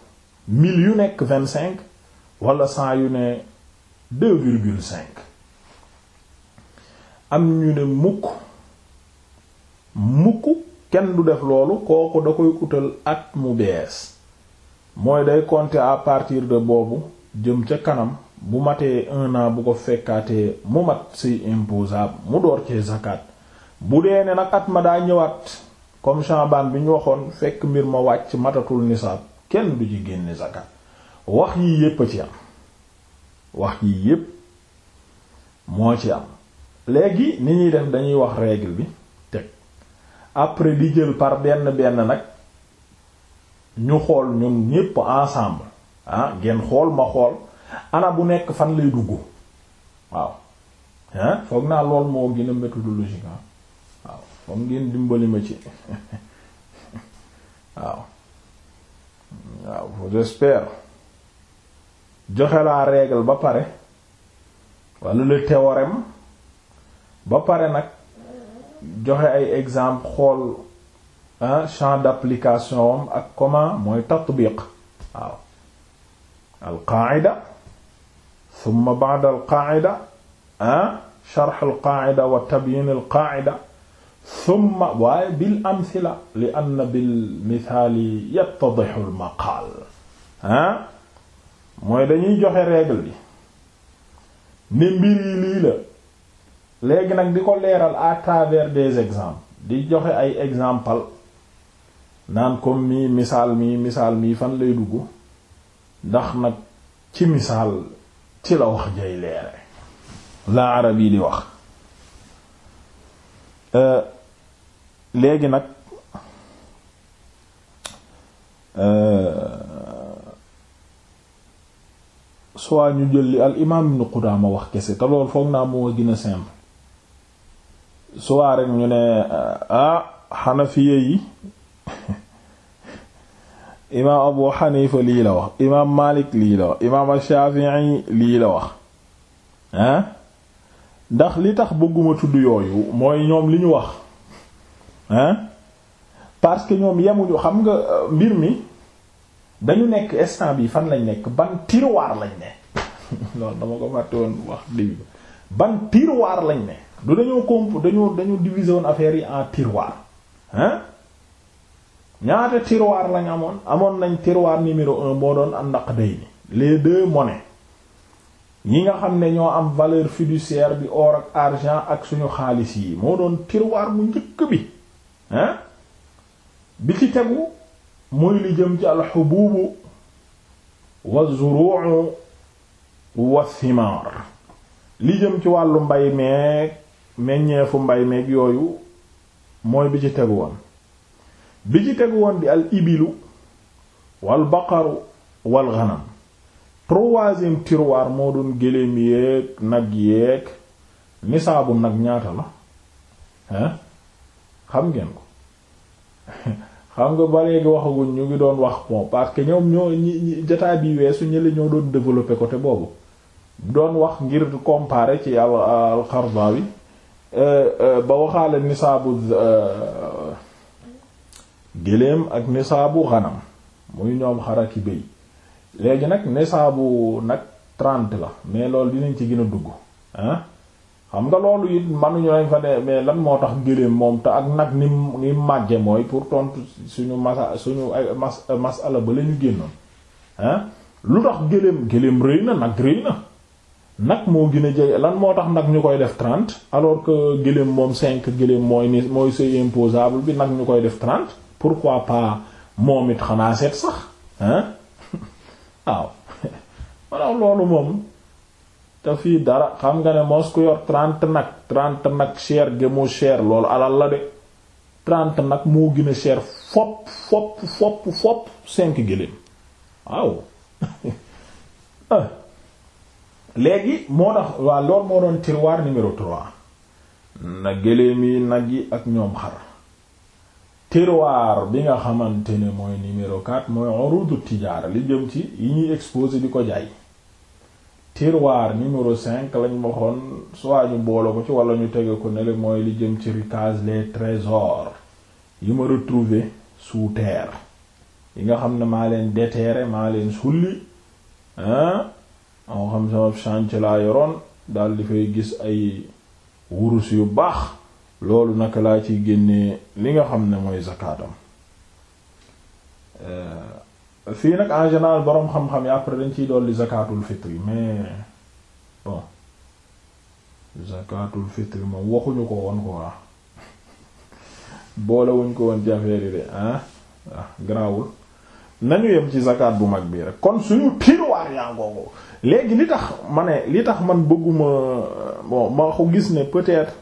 mille yu nekk vingt-cinq walla cent yu ne deux virgule cinq am ñu ne mukk mukk kenn du def loolu kooku da koy utal at mu bees mooy day compter à partir de boobu jëm ca kanam bu matee un bu ko fekkaatee mu mat si imposable mu door cee zakat bu dee ne nag at ma daa ñëwaat comme Chaban bi ñu waxoon fekk mbir ma wàcc matatul nisaab kenn du ci génne zakat wax yi yépp a ci am wax yii yépp moo ci am léegi ni ñuy def dañuy wax règle bi teg après di jël par benn benn nag ñu xool ñun ñépp ensemble ah ngeen xool ma xool ana bu nekk fan lay dugg waaw hein foog naa lool moo gën a ah. waaw foog ngeen dimbali ma ci *laughs* waaw waaw joxe la règle ba pare wala le théorème ba pare nag joxe ay exemple xool un champ d'application am ak comment mooy tatbiq waaw al qaa'ida thumma ba'da al qaa'ida ah sharh al qaa'ida wa tabyin al qaa'ida thumma waaye bil amthila li anna bil mithaali yattadihu al maqaal ah mooy dañuy joxe règle bi ne mbir yi lii la léegi nag di ko leeral à travers des exemples di joxe ay exemple naan comme mi misaal mi misaal mii fan lay dugg ndax nag ci misaal ci la wax jay leere la arab yi di wax euh, léegi nag euh, soit ñu jël li al imaam ibnu Qudaama wax kese te loolu foog naa moo gën a simple soit rek ñu ne ah xanafiye yi *laughs* imaam Abu Xanifa lii la wax imaam Malik lii la wax imaam Shaafi'i lii la wax ah ndax li tax bëgguma tudd yooyu mooy ñoom li ñu wax ah parce que ñoom yemuñu xam nga mbir mi dañu nekk instant yi fan lañ nekk ban tiroir lañ ne non dama ko fàtte woon wax dégg ban tiroir lañ ne du dañoo comp dañoo dañoo diviser woon affaire yi en tiroir hein ñaata tiroir lañ amoon amoon nañ tiroir numéro boo doon an day ni les deux mone yi nga xam ne ñoo am valeur fiduciaire bi or ak argent ak suñu xaalis yi moo doon tiroir mu njëkk bi hein bi ci tegu mooy li jëm ci alxububu wa wa thimar li jëm ci wàllu mbay meeg meññeefu mbay meek yooyu mooy bi ci tegu woon bi ci tegu woon di al ibilu wal baqaru wal ghanam troisième tiroir moo doon gëléem yeeg nag yeeg nisaabu nag ñaata la hein xam ngeen ko *laughs* xam nga ba léegi waxaguñ ñu ngi doon wax bon parce que ñoom ñoo ñi jotaay bi weesu ñële ñoo doon développer côté boobu doon wax ngir comparer ci al-Qardawi euh, euh, ba waxaale nisaabu euh, géléem ak nisaabu xanam muy ñoom xaraki béy léegi nag nisaabu nag trente la mais loolu dinañ ci gën a dugg xam nga loolu it manuñu lañ fa ne mais lan moo tax géléem moom te ak nag ni ni màgge mooy pour tontu suñu masa suñu ay mas masala ba la ñu génnoon ah lu tax géléem géléem rëy na nag rëy na nag moo gën a jege lan moo tax nag ñu koy def trente alors que gëléem moom cinq gëléem mooy ni mooy seuil imposable bi nag ñu koy def trente pourquoi pas moom it xanaa seet sax hein *laughs* waaw maanaam *laughs* loolu moom te fii dara xam nga ne mos ku yor trente nag trente nag cher gi mu cher loolu alal la de trente nag moo gën a cher fopp fopp fopp cinq gëléem waaw *laughs* eh, léegi moo tax waaw loolu moo doon tiroir numéro 3 na gëléem yi nag yi ak ñoom xar tiroir bi nga xamante ne mooy numéro 4 mooy urudu tijaara li jëm ci yi ñuy exposé di ko jaay tiroir numéro 5 lañ waxoon soit ñu boole ko ci wala ñu tege ko ne mooy li jëm ci ricase les trésors yi ma retrouvé sous terre yi nga xam ne maa leen déterré maa leen sulli moo xam sama chantier laa yoroon daal di fay gis ay wurus yu baax loolu naka laa ci génne li nga xam ne mooy zakaatam euh, fii nag en boroom xam-xam yi après dañ ciy dolli zakaatul fitri mais bon zakaatul fitri moom waxuñu ko woon ko waa boolewuñ ko woon ci affaire yi de ah ah nañu yem ci zakaat bu mag bii rek kon suñu waar léegi li tax ma ne li tax man bëgguma bon ma ko gis ne peut-être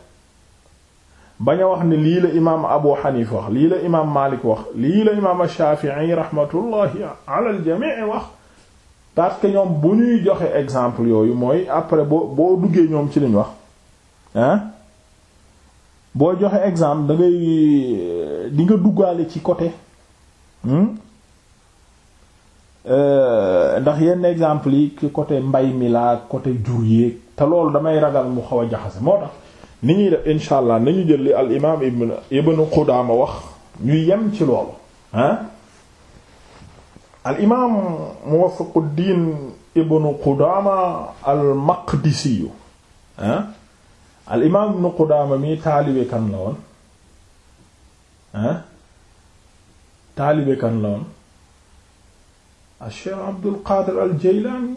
bañ a wax ne lii la imaam Abu Hanifa wax lii la imaam Malik wax lii la imaam Shafi'i rahmatullahi ala al-jami' wax parce que ñoom bu ñuy joxe exemple yooyu mooy après boo boo duggee ñoom ci liñ wax ah boo joxee exemple da ngay di nga duggaale ci côté. Hmm? Euh, ndax yenn exemple yi ci côté mbay mi laa côté jur yéeg te loolu damay ragal mu xaw a jaxase moo tax ni ñuy def insha allah nañu jël li al imaam ibn ibn wax ñu yem ci loolu ah al imaam Muwaffaquddin ibn Qudaama al Maqdisiyu ah. al imaam ibn Qudaama mi taalibe la woon ah taalibe la woon al Cheikh Abdul Qadir al Jaylaani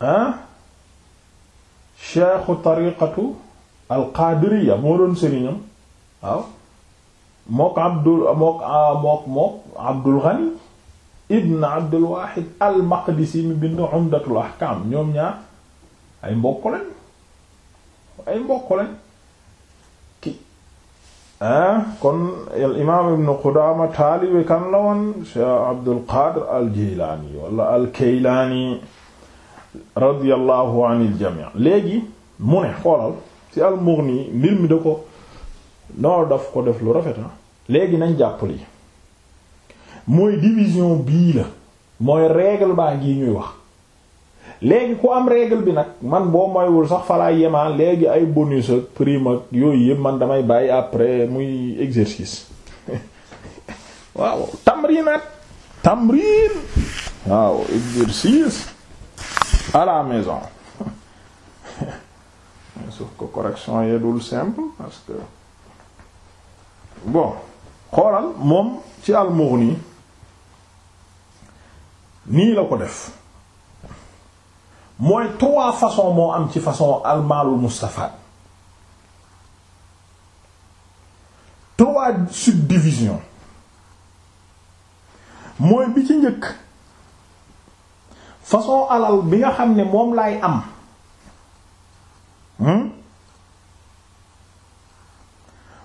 ah cheikhu tariqatu al Qadiriyya moo doon sëriñam waaw mook Abdul mook ah, mook mook Abdul Ghani ibn Abdul Wahid al Maqdisi mi bind Umdatul Ahkam ñoom ñaar ay mbokk lañ ay mbokk lañ Ah, kon al imaam ibnu Qudaama taalibe kan la woon Cheikh Abdul Qaadir al Jaylaani wala al Kaylaani radiyallahu anil jamii léegi mu ne xoolal ci al Mughni mbir mi da ko noo daf ko def lu rafet ah. léegi nañ jàpp lii mooy division bii la mooy règle baa ngi ñuy wax léegi ku am règle bi nag man boo moywul sax falaa yemaa léegi ay bonus ak prime ak yooyu yëpp man damay bàyyi après muy exercice *laughs* waaw tamrinaat tamrin waaw exercice à la maison *laughs* sauf que correction yedul simple parce que bon xoolal moom ci al-Mughni nii la ko def mooy trois façons moo am ci façon almaalul mustafaad trois division mooy bi ci njëkk façon alal bi nga xam ne moom laay am hmm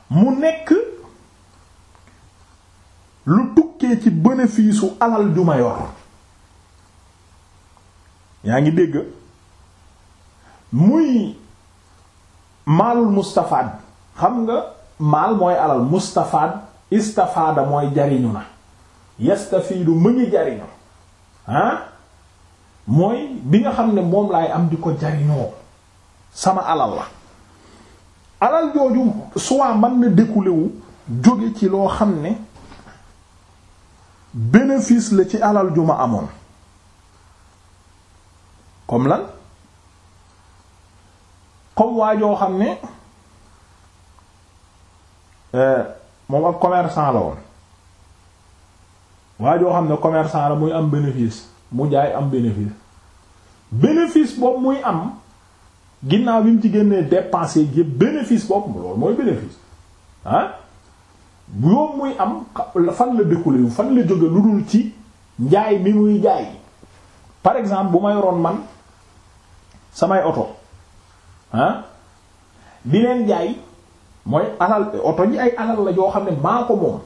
mu nekk lu tukkee ci bénéfice u alal ju yor yaa ngi dégg muy maalul mustafaad xam nga maal mooy alal mustafaad istafaada mooy jariñu na yastafiidu mu ngi jariñu ah mooy bi nga xam ne moom laay am di ko jariñoo sama alal la alal jooju soit man na découlé wu jóge ci loo xam ne bénéfice la ci alal ju ma amoon comme lan comme waajoo xam ne euh, moom ab commerçant la woon waajoo xam ne commerçant la muy am bénéfice mu jaay am bénéfice bénéfice boobu muy am ginnaaw bi mu ci génnee dépensé yépp bénéfice boobu loolu mooy bénéfice ah yoom muy am fan la découlé yu fan la jóge lu dul ci njaay bi muy jaay par exemple bu ma yoroon man samay oto ah di leen jaay mooy alal oto ji ay alal la yoo xam ne maa ko moom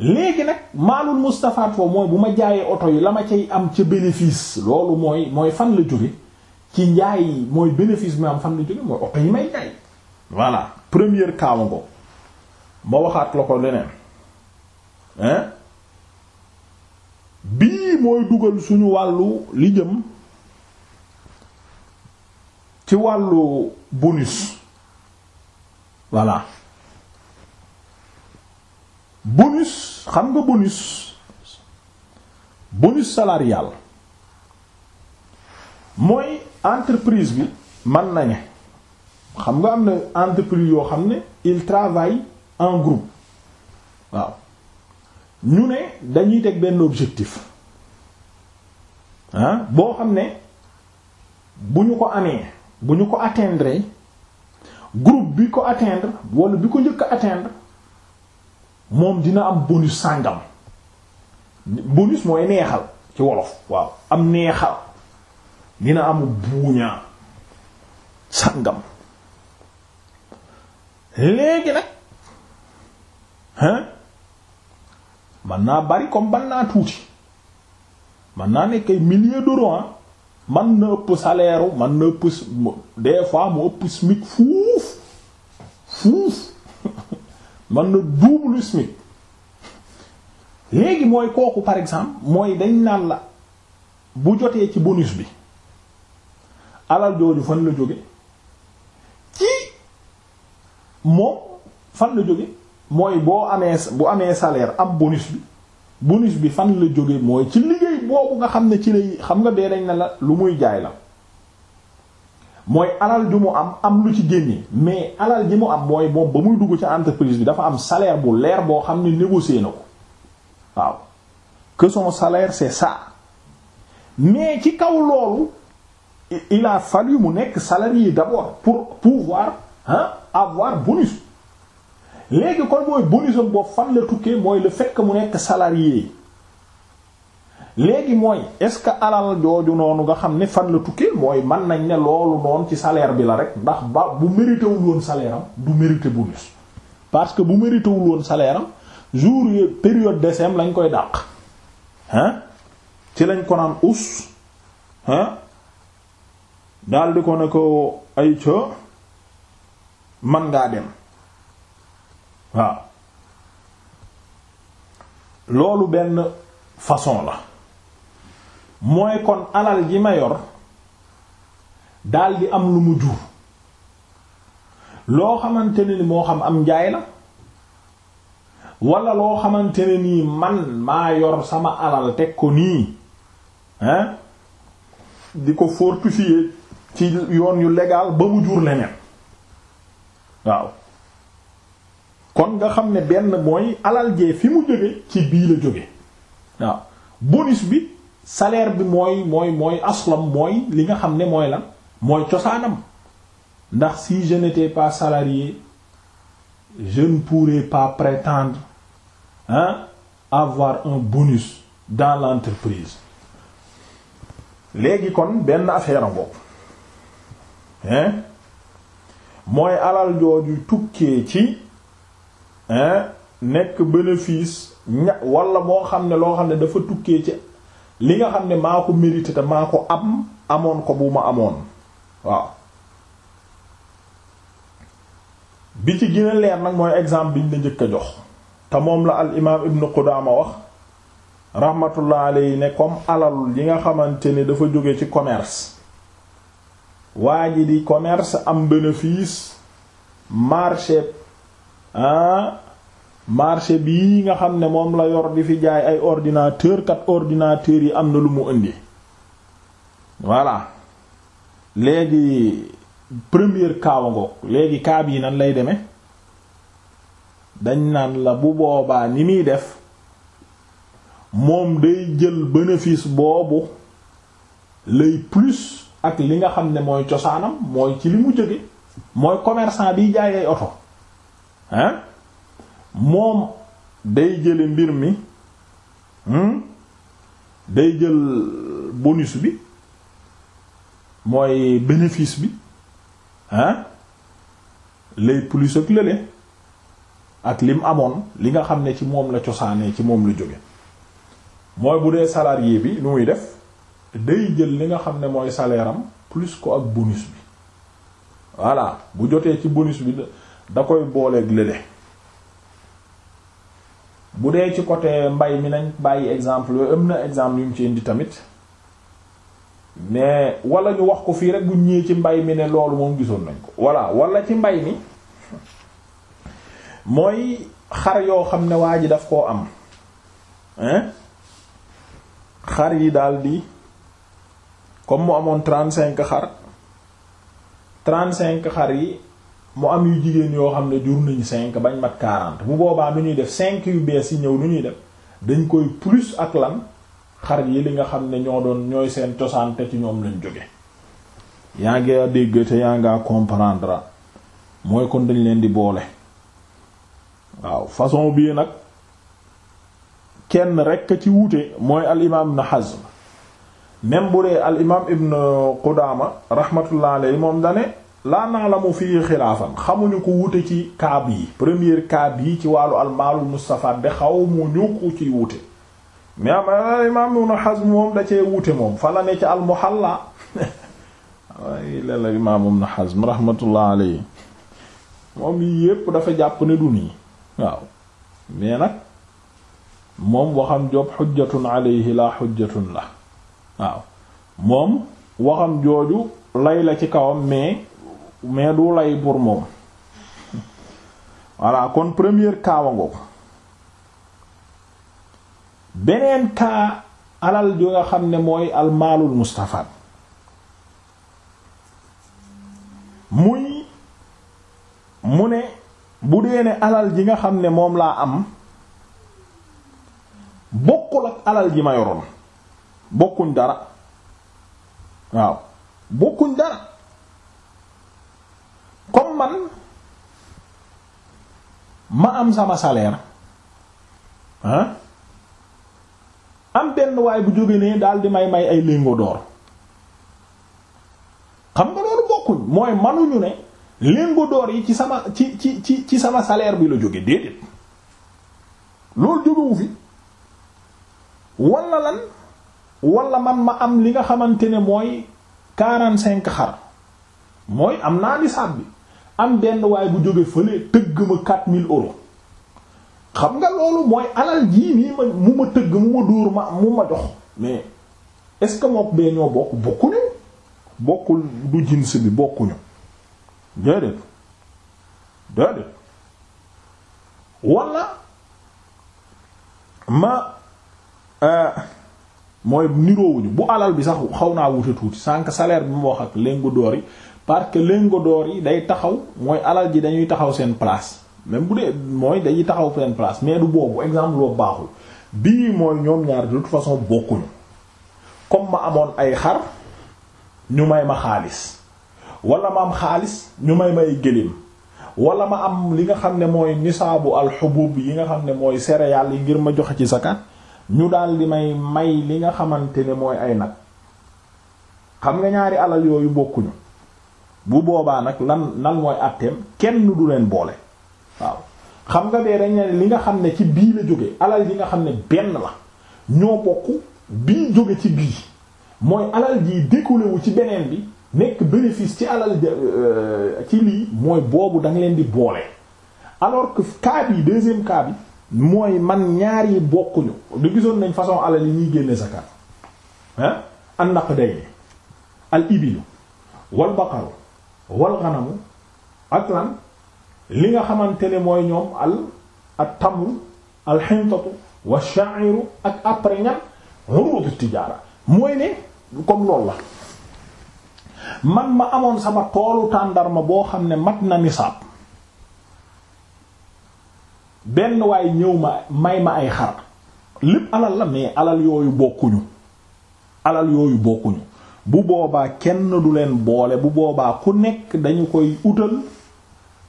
léegi nag maalul mustafaat foofu mooy bu ma jaayee oto yi la ma cay am ca bénéfice loolu mooy mooy fan la jóge ci njaay mooy bénéfice bi am fan la jóge mooy oto yi may jaay voilà première kaawa ngo ma waxaat la ko leneen hein bii mooy dugal suñu wàllu li jëm ci wàllu bonus voilà bonus xam nga bonus bonus salarial mooy entreprise bi man na ne xam nga am na entreprise yoo xam ne il travaille en groupe waaw ñu ne dañuy teg benn objectif ah boo xam ne bu ñu ko amee bu ñu ko atteindre groupe bi ko atteindre wala bi ko njëkk a moom dina am bonus sàngam bonus mooy neexal ci wolof waaw am neexal dina am buuñaa sàngam léegi nag hein man naa bari comme ban naa tuuti man naa nekk ay milliers d'euros man na ëpp salaire man na ëpp des fois mu ëpp SMIC fuuf fuuf *laughs* man na double SMIC léegi mooy kooku par exemple mooy dañ naan la bu jotee ci bonus bi alal jooju fan la jóge ci moom fan la jóge mooy boo amee bu amee salaire am bonus bi bonus bi fan la jóge mooy ci liggéey boobu nga xam ne ci lay xam nga dee dañ na la lu muy jaay la mooy alal ju mu am am lu ci génne mais alal ji mu am mooy moom ba muy dugg ci entreprise bi dafa am salaire bu leer boo xam ne négocier na ko waaw que son salaire c'est ça mais ci kaw loolu il a fallu mu nekk salarié d'abord pour pouvoir hein avoir bonus léegi kon mooy bonusam boobu fan la tukkee mooy le fekk mu nekk salarié léegi mooy est-ce que alal jooju noonu nga xam ne fan la tukkee mooy man nañ ne loolu noonu ci salaire bi la rek ndax ba bu mérité wul woon salaire am du mérité bonus parce que bu mérité wul woon salaire am jour période décembre lañ koy dàq hein ci lañ ko naan us hein daal ko ne ko ay ca man ngaa dem waaw loolu benn façon la mooy kon alal ji ma yor daldi am lu mu jur loo xamante ne ni moo xam am njaay la wala loo xamante ne nii man maa yor sama alal teg ko nii hein di ko fortifier ci yoon yu legal ba mu jur leneen waaw kon nga xam ne benn mooy alal jee fi mu jóge ci bii la jóge waaw bonus bi salaire bi mooy mooy mooy aslam mooy li nga xam ne mooy lan mooy cosaanam ndax si je n'étais pas salarié je ne pourrais pas prétendre hein avoir un bonus dans l'entreprise léegi kon benn affaire a ngoog mooy alal jooju tukkee ci hein nekk bénéfice walla moo xam ne loo xam ne dafa tukkee ci li nga xam ne maa ko mérité te maa ko am amoon ko bu ma amoon waaw bi ci gën leer nag mooy exemple bi la njëkk a jox te moom la al imaam ibnu Qudaama wax rahmatullah alayhi ne comme alal yi nga xamante ni dafa jóge ci commerce waa ji di commerce am bénéfice marché ah marché bii nga xam ne moom la yor di fi jaay ay ordinateur kat ordinateur yi am na lu mu indi voilà léegi première kaawa léegi kaab yi nan lay demee dañ naan la bu boobaa ni muy def moom day jël bénéfice boobu lay plus ak li nga xam ne mooy cosaanam mooy ci li mu jóge mooy commerçant biy jaay ay oto hein moom day jële mbir mi hmm day jël bonus bi mooy bénéfice bi ah lay plus ak lële ak lim amoon li nga xam ne ci moom la cosaanee ci moom lu jóge mooy bu dee salarié bi lu muy def day jël li nga xam ne mooy salaire am plus ko ak bonus bi voilà bu jotee ci bonus bi da koy booleeg lële bu dee ci côté mbay mi nañ bàyyi exemple yooyu am na exemple yu mu ci indi tamit mais wala ñu wax ko fii rek bu ñëwee ci mbay mi ne loolu moom gisoon nañ ko voilà wala ci mbay mi mooy xar yoo xam ne waa ji daf koo am hein xar yi daal di comme mu amoon trente cinq xar trente cinq xar yi mu am yu jigéen yoo xam ne jur nañu cinq bañ mat quarante bu boobaa nu ñuy def cinq yu bees yi ñëw lu ñuy def dañ koy plus ak lan xar yi li nga xam ne ñoo doon ñooy seen cosaan te ci ñoom lañ jóge yaa ngi dégg te yaa ngaa comprendre mooy kon dañ leen di boole waaw façon bii nag kenn rekk ci wuute mooy al imaam Ibn Hazm même bu dee al imaam Ibn Qudaama rahmatullah alayhi moom dane laa na'lamu fii xilaafan xamuñu ko wute ci kaab yi premier kaab yi ci wàllu almaalul mustafaat de xaw mu ñu ko ci wute mais am euh, imaam Ibn Hazm moom da cee wute moom fa la ne ci al-Muhalla waaye la imaam Ibn Hazm rahmatullah alayhi moom yii yépp dafa jàpp ne du nii waaw mais nag moom waxam joob xujjatun alayhi la xujjatun la waaw moom waxam jooju lay la ci kawam mais mais du lay pour moom voilà kon première cas wango beneen cas alal ju nga xam ne mooy almaalul mustafaad muy mu ne bu dee ne alal ji nga xam ne moom laa am bokkul ak alal ji ma yoroon bokkuñ dara waaw bokkuñ dara man ma am sama salaire ah am benn waay bu jóge ne daal di may may ay lingots d'or xam nga loolu bokkuñ mooy manuñu ne lingots d'or yi ci sama ci ci ci ci sama saleer bi la jóge déedéet loolu jógewu fi walla lan walla man ma am li nga xamante ne mooy quarante-cinq xar mooy am naa nisaab bi am benn waay bu jóge fële tëgg ma 4000 euros xam nga loolu mooy alal jii nii ma mu ma tëgg mu ma dóor ma mu ma jox mais est-ce que mook bee ñoo bokk bokkuñu bokkul du jins bi bokkuñu déedéet déedéet walla ma euh, mooy niroowuñu bu alal bi sax xaw naa wute tuuti sànq salaire bi mu wax ak lengu doori parce que lingodoor yi day taxaw mooy alal ji dañuy taxaw seen place même bu dee mooy dañuy taxaw seen place mais du boobu exemple boobu baaxul bii mooy ñoom ñaar de toute façon bokkuñu comme ma amoon ay xar ñu may ma xaalis wala ma am xaalis ñu may may gëléem wala ma am li nga xam ne mooy nisaabu alxubub yi nga xam ne mooy céréales yi ngir ma joxe ci zakat ñu daal di may may li nga xamante ne mooy ay nag xam nga ñaari alal yooyu bokkuñu bu boobaa nag lan lan mooy àtteem kenn du leen boole waaw xam nga bee dañ ne li nga xam ne ci bii la jóge alal yi nga xam ne benn la ñoo bokk bii jóge ci bii mooy alal ji découlé ci beneen bi nekk bénéfice ci alal euh, ci lii mooy boobu danga leen di boole alors que cas bi deuxième cas bi mooy man ñaari yi bokkuñu du gisoon nañ façon alal yi ñuy génne zakat ah an naqdayni al ibilu wal baqaru wal xanamu ak li nga xamante ne mooy ñoom al ak tamru al wa sha'iru ak après ñan urudu tijaara mooy ne comme loolu la man ma amoon sama toolu tàndarma boo xam ne mat na nisaab benn waaye ñëw ma may ma ay xar lépp alal la mais alal yooyu bokkuñu alal yooyu bokkuñu bu boobaa kenn du leen boole bu boobaa ku nekk dañu koy utal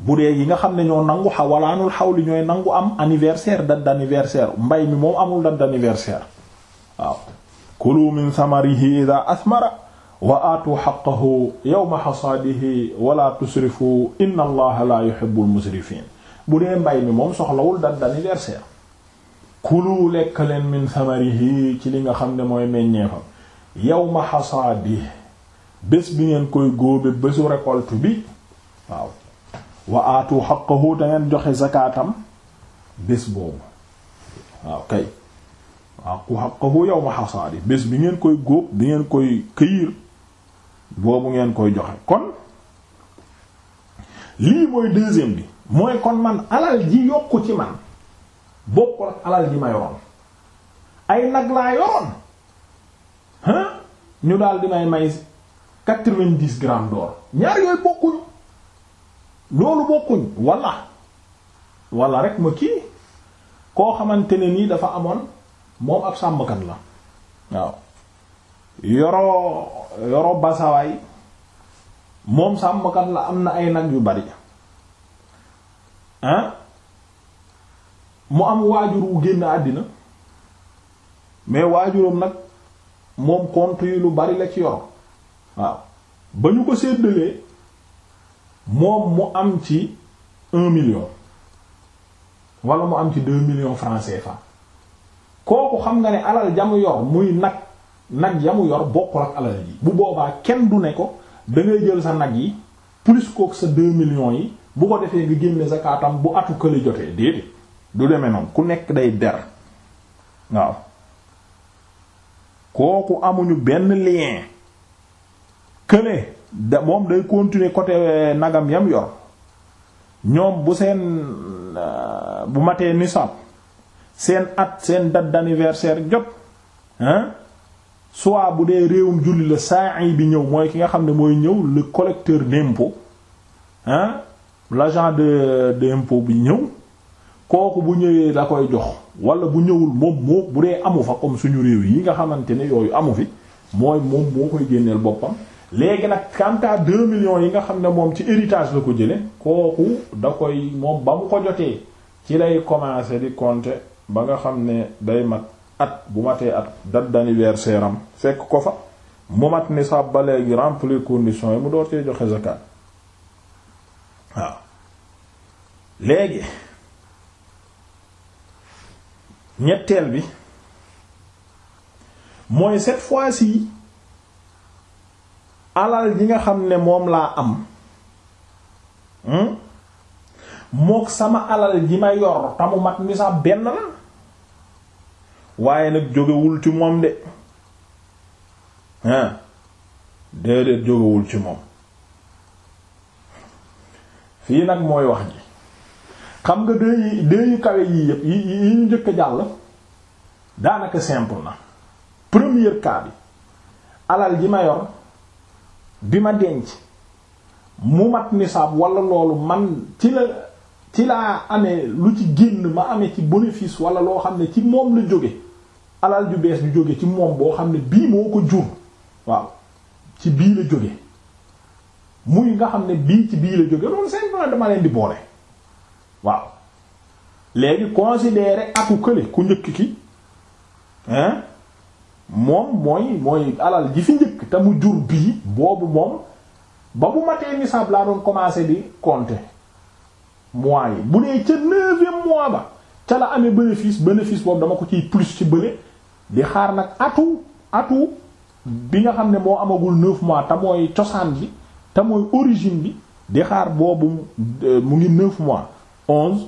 bu dee yi nga xam ne ñoo nangu xaw walaanul ñooy nangu am anniversaire date d'anniversaire mbay mi moom amul date d'anniversaire waaw kulu min samarihi ida asmara wa aatu xaqahu yawma xasaadihi wala tusrifu inna allaha la yuhibbul musrifin bu dee mbay mi moom soxlawul date d'anniversaire kulu lekk leen min samarihi ci li nga xam ne mooy meññeefam yawma bi bés bi ngeen koy góobe bésu récolte bi waaw wa aatu haqqahu te ngeen joxe zakaatam bés boobu waaw kay aqu haqqahu yawma hasaadi bés bi ngeen koy góob bi ngeen koy këyir boobu ngeen koy joxe kon lii mooy deuxième bi mooy kon man alal ji yokku ci man bokkul ak alal ji ma yoroon ay nag laa yoroon ñu daal di may may quatre-vingt-dix grammes d'or ñaar yooyu bokkuñu loolu bokkuñ walla walla rek ma kii koo xamante ne nii dafa amoon moom ab sàmmkat la waaw yoro yoro basawaay moom sàmmkat la am na ay nag yu bari ah mu am waajur wu génn àddina mais waajuram nag moom compte yi lu bari la ci yor waaw ba ñu ko séddalee moom mu am ci un million wala mu am ci deux millions francs fa kooku xam nga ne alal jamu yor muy nag nag jamu yor bokkul ak alal ji bu boobaa kenn du ne ko da jël sa nag yi plus kook sa deux millions yi bu ko defee nga génne zakaatam bu atu këli jotee déedéet du deme noonu ku nekk day der waaw kooku amuñu benn lien kële da moom day continuer côté euh, nagam yam yor ñoom bu seen euh, bu matee nisaab seen at seen date d'anniversaire jot hein soit bu dee réewum julli la sa'i bi ñëw mooy ki nga xam ne mooy ñëw le collecteur d'impôt hein l'agent de d'impôt bi ñëw kooku bu ñëwee la koy jox wala bu ñëwul moom moo bu dee amu fa comme suñu réew yi nga xamante ne yooyu amu fi mooy moom moo koy génneel boppam léegi nag quant à deux yi nga xam ne moom ci héritage la ko jële kooku da koy moom ba mu ko jotee ci lay commencer di compter ba nga xam ne day mat at bu matee at date d'anniversaire am fekk ko fa mu mat ni sab ba léegi remplir conditions yi mu door cee joxe zakat waaw léegi ñetteel bi mooy cette fois-ci alal ji nga xam ne moom laa am hmm? sama alal ji ma yor tamu mat mi sax benn la waaye nag jógewul ci moom de hein déedéet jógewul ci moom fii nag mooy wax ji xam nga deux yi yu kawe yii yëpp yi ñu njëkk a jàll daanaka simple na premier cas bi alal ji ma yor bi ma denc mu mat nisaab wala loolu man ci la ci laa amee lu ci génn ma amee ci bénéfice wala loo xam ne ci moom la jóge alal ju bees ju jóge ci moom boo xam ne bii moo ko jur waaw ci bii la jóge muy nga xam ne bii ci bii la jóge loolu simple na dama leen di boole waaw léegi considérer aku kële ku njëkk ki hein moom mooy mooy alal ji fi njëkk te mu jur bii boobu moom ba mu matee nisaab laa doon commencer di compter mois yi bu dee ca neuvième mois ba ca la amee bénéfice bénéfice boobu dama ko ci plus ci bële di xaar nag atu atu bi nga xam ne moo amagul neuf mois te mooy cosaan bi te mooy origine bi di xaar boobu euh, mu ngi neuf mois onze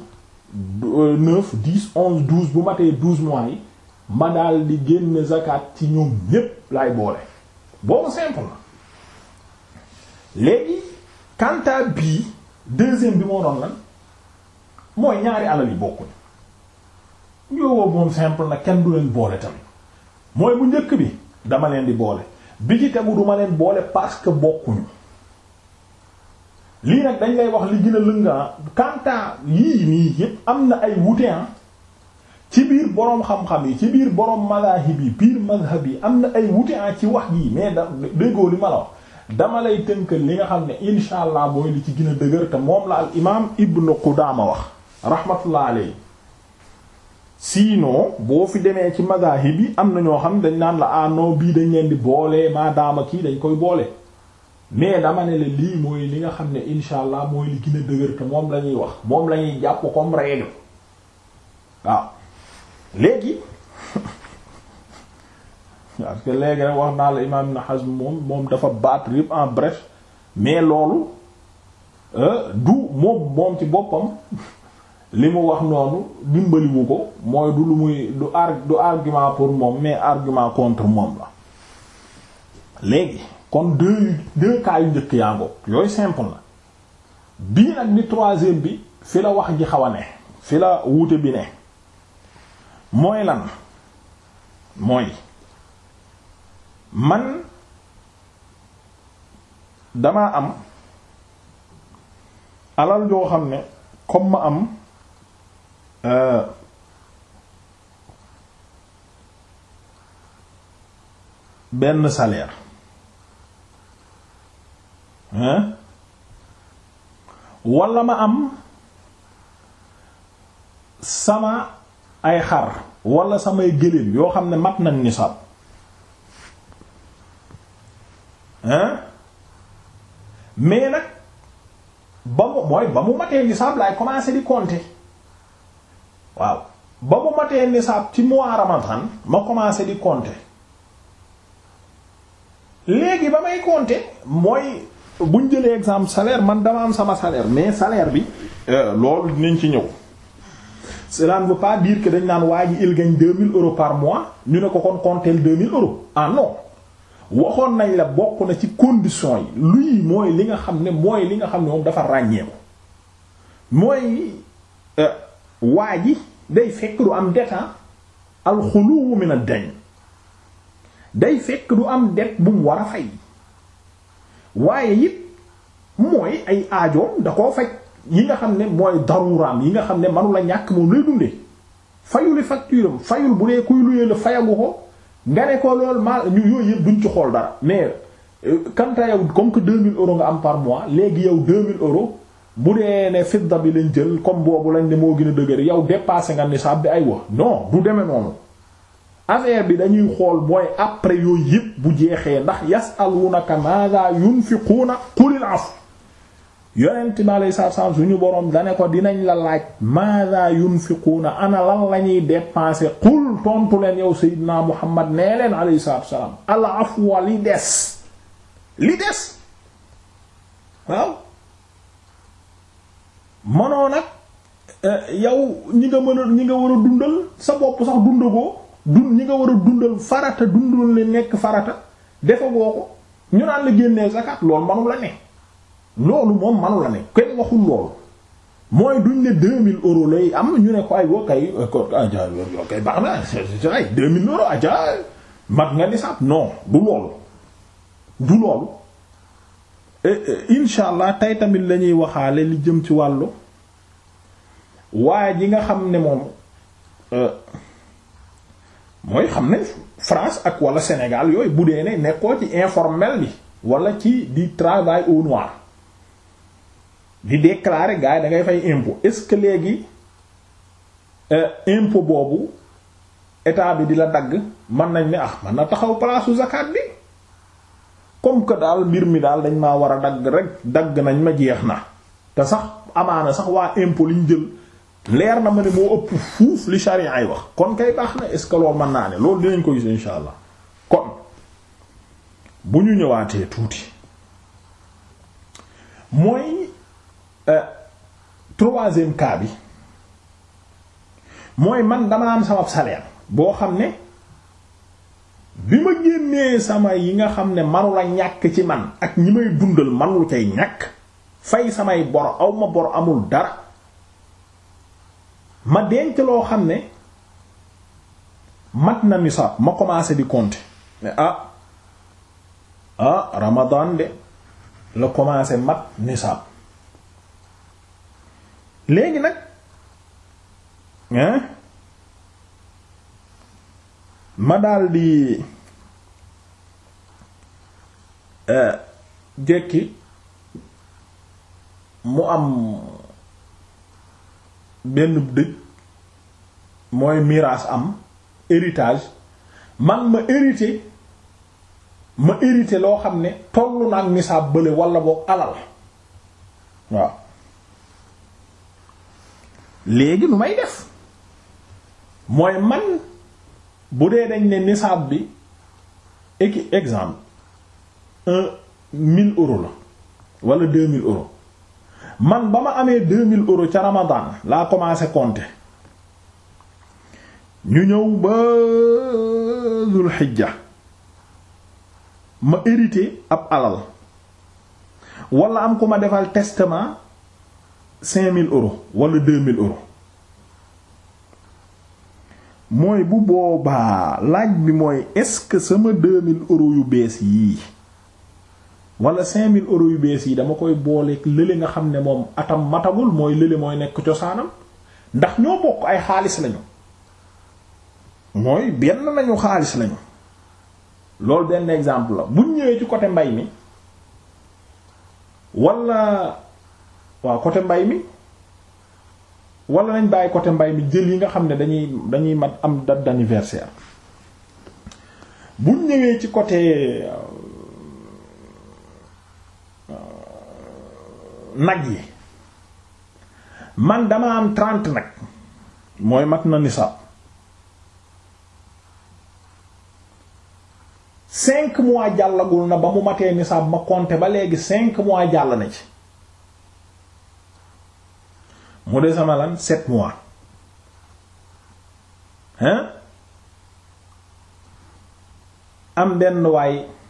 euh, neuf dix onze douze bu matee douze mois yi ma daal di génn zakat ci ñoom ñépp laay boole boobu simple na léegi quant à bii deuxième bi moo doon lan mooy ñaari alal yi bokkuñ yow moom simple na kenn du leen boole tamit mooy bu njëkk bi dama leen di boole bi ci tegu duma leen boole parce que bokkuñu lii nag dañ lay wax li gën a lënga ah. kanta yii nii yépp am na ay wute ah. ci biir boroom xam-xam yi ci biir boroom madahib yi biir madhab yi am na ay wute ah ci wax yi mais da déggoo li ma la dama lay tënkal li nga xam ne insha allah mooy li ci gën a dëgër te moom la al imaam ibnu Qudaama wax rahmatullah alayhi sinon boo fi demee ci madahib yi am na ñoo xam dañ naan la ah non bii dañ leen di boole maadaama kii dañ koy boole mais dama ne la lii mooy li nga xam ne insha allah mooy li gën a moom la ñuy wax moom la ñuy jàpp comme règle waaw léegi *laughs* parce que léegi rek wax naa la imam Ibn Hazm moom moom dafa battre yëpp en bref mais loolu euh, du moom moom ci boppam *laughs* li mu wax noonu dimbaliwu ko mooy du lu muy du ar du argument pour moom mais argument contre moom la léegi kon deux deux cas njëkk yaa ngoog yooyu simple na bii nag di troisième bi fi la wax ji xaw a ne fi la wuute bi ne mooy lan mooy man damaa am alal joo xam ne comme ma am euh benn salaire hein wala ma am sama ay xar wala samay gëléem yoo xam ne mat nañ nisaab hein mais nag ba mu mooy ba mu matee nisaab laay commencer di compter waaw ba mu matee nisaab ci mois ramadan ma commencer di compter léegi ba may compter mooy buñ jëlee exemple salaire man dama am sama salaire mais salaire bi euh, loolu dinañ ci ñëw cela ne veut pas dire que dañ naan waa ji il gagne 2000 euros par mois ñu ne ko kon compteel 2000 euros ah non waxoon nañ la bokk na ci conditions yi luy mooy li nga xam ne mooy li nga xam ne moom dafa ràññeeku mooy euh, waa ji day fekk du am dette ah. alxuluwu min ad-dayn day fekk du am dette bu mu war a fay waaye it mooy ay aajoom da koo faj yi nga xam ne mooy daruraam yi nga xam ne manu la ñàkk moom lay dundee fayuli facture am fayul bu dee kuy luyee la fayagu ko nga ne ko loolu maa yooy yooyu yëpp duñ ci xool dara mais kanta euh, yow comme que 2000 euros nga am par mois léegi yow 2000 euros bu dee ne fidda bi lañ jël comme boobu lañ ne moo gën a dëgër yow dépassé nga nisaab bi ay wax non du demee noonu affaire bi dañuy xool mooy après yooyu yëpp bu jeexee ndax yasalunaka maza yunfiquna qulil afu yonent bi alei satu boroom dane ko dinañ la laaj maza yunfiquna ana lan la ñuy dépenser qul tontu leen yow sayyidina muhammad nee leen aleyhi salatu wasalaam al afwa li des li des waaw mënoo nag eh, yow ñi nga mën a ñi nga war a dundal sa bopp sax dundagoo dund ñi nga war a dundal farata dundal ne nekk farata defe boo ko ñu naan la génnee zakat loolu manu la ne loolu moom manu la ne kenn waxul loolu mooy duñ ne 2000 euros lay am ñu ne ko ay wo kay euh, aja ah, yo baax na ay 2000 euros aja ah, mag nga nisaab non du loolu du loolu insha allah tey tamit la ñuy waxaale li jëm ci wàllu waaye ji nga xam ne moom euh, mooy xam ne France ak wala Sénégal yooyu bu dee ne nekkoo ci informel bi wala ci di travail au noir di déclarer gars yi da ngay fay impôt est-ce que léegi euh, impôt boobu état bi di la dagg mën nañ ne ah mën na taxaw palaasu zakat bi comme que daal mbir mi daal dañ ma war a dagg rek dagg nañ ma jeex na te sax amaana sax waa impôt liñ jël. leer na ma ne moo ëpp fuuf li sharia ay wax kon kay baax na est ce que mën naa ne loolu dinañ ko gis insha allah kon bu ñu ñëwaatee tuuti mooy euh, troisième cas bi mooy man dama am sama salaire boo xam ne bi ma génnee sama yi nga xam ne manula ñàkk ci man ak ñi may dundal manul cay ñàkk fay samay bor aw ma bor amul dara ma denc loo xam ne mat na nisaab ma commencé di compter mais ah ah Ramadan de la commencé mat nisaab léegi nag hein ma daldi euh, jekki mu am benn dëj mooy miraas am héritage man ma hérité ma hérité loo xam ne tollu naa ak nisaab bële wala boog alal waaw léegi nu may def mooy man bu dee dañ ne nisaab bi exemple un mille euros la wala deux mille euros man ba ma amee 2000 euros ca Ramadan laa commencé compter ñu ñëw ba Dul Hijja ma hérité ab alal wala am ku ma defal testament 5000 euros wala 2000 euros mooy bu boobaa laaj bi mooy est-ce que sama 2000 euros yu bees yii. wala 5000 euros yu bees yi dama koy booleeg lële nga xam ne moom atam matagul mooy lële mooy nekk cosaanam ndax ñoo bokk ay xaalis lañu mooy benn nañu xaalis lañu loolu benn exemple la buñ ñëwee ci côté mbay mi wala waaw côté mbay mi wala nañ bàyyi côté mbay mi jël yi nga xam ne dañuy dañuy mat am date d'anniversaire ñëwee ci côté nag yi man dama am trente nag mooy mat na nisaab cinq mois jàllagul na ba mu matee nisaab ma compter ba léegi cinq mois jàll na ci mu de sama lan sept mois hein am benn waay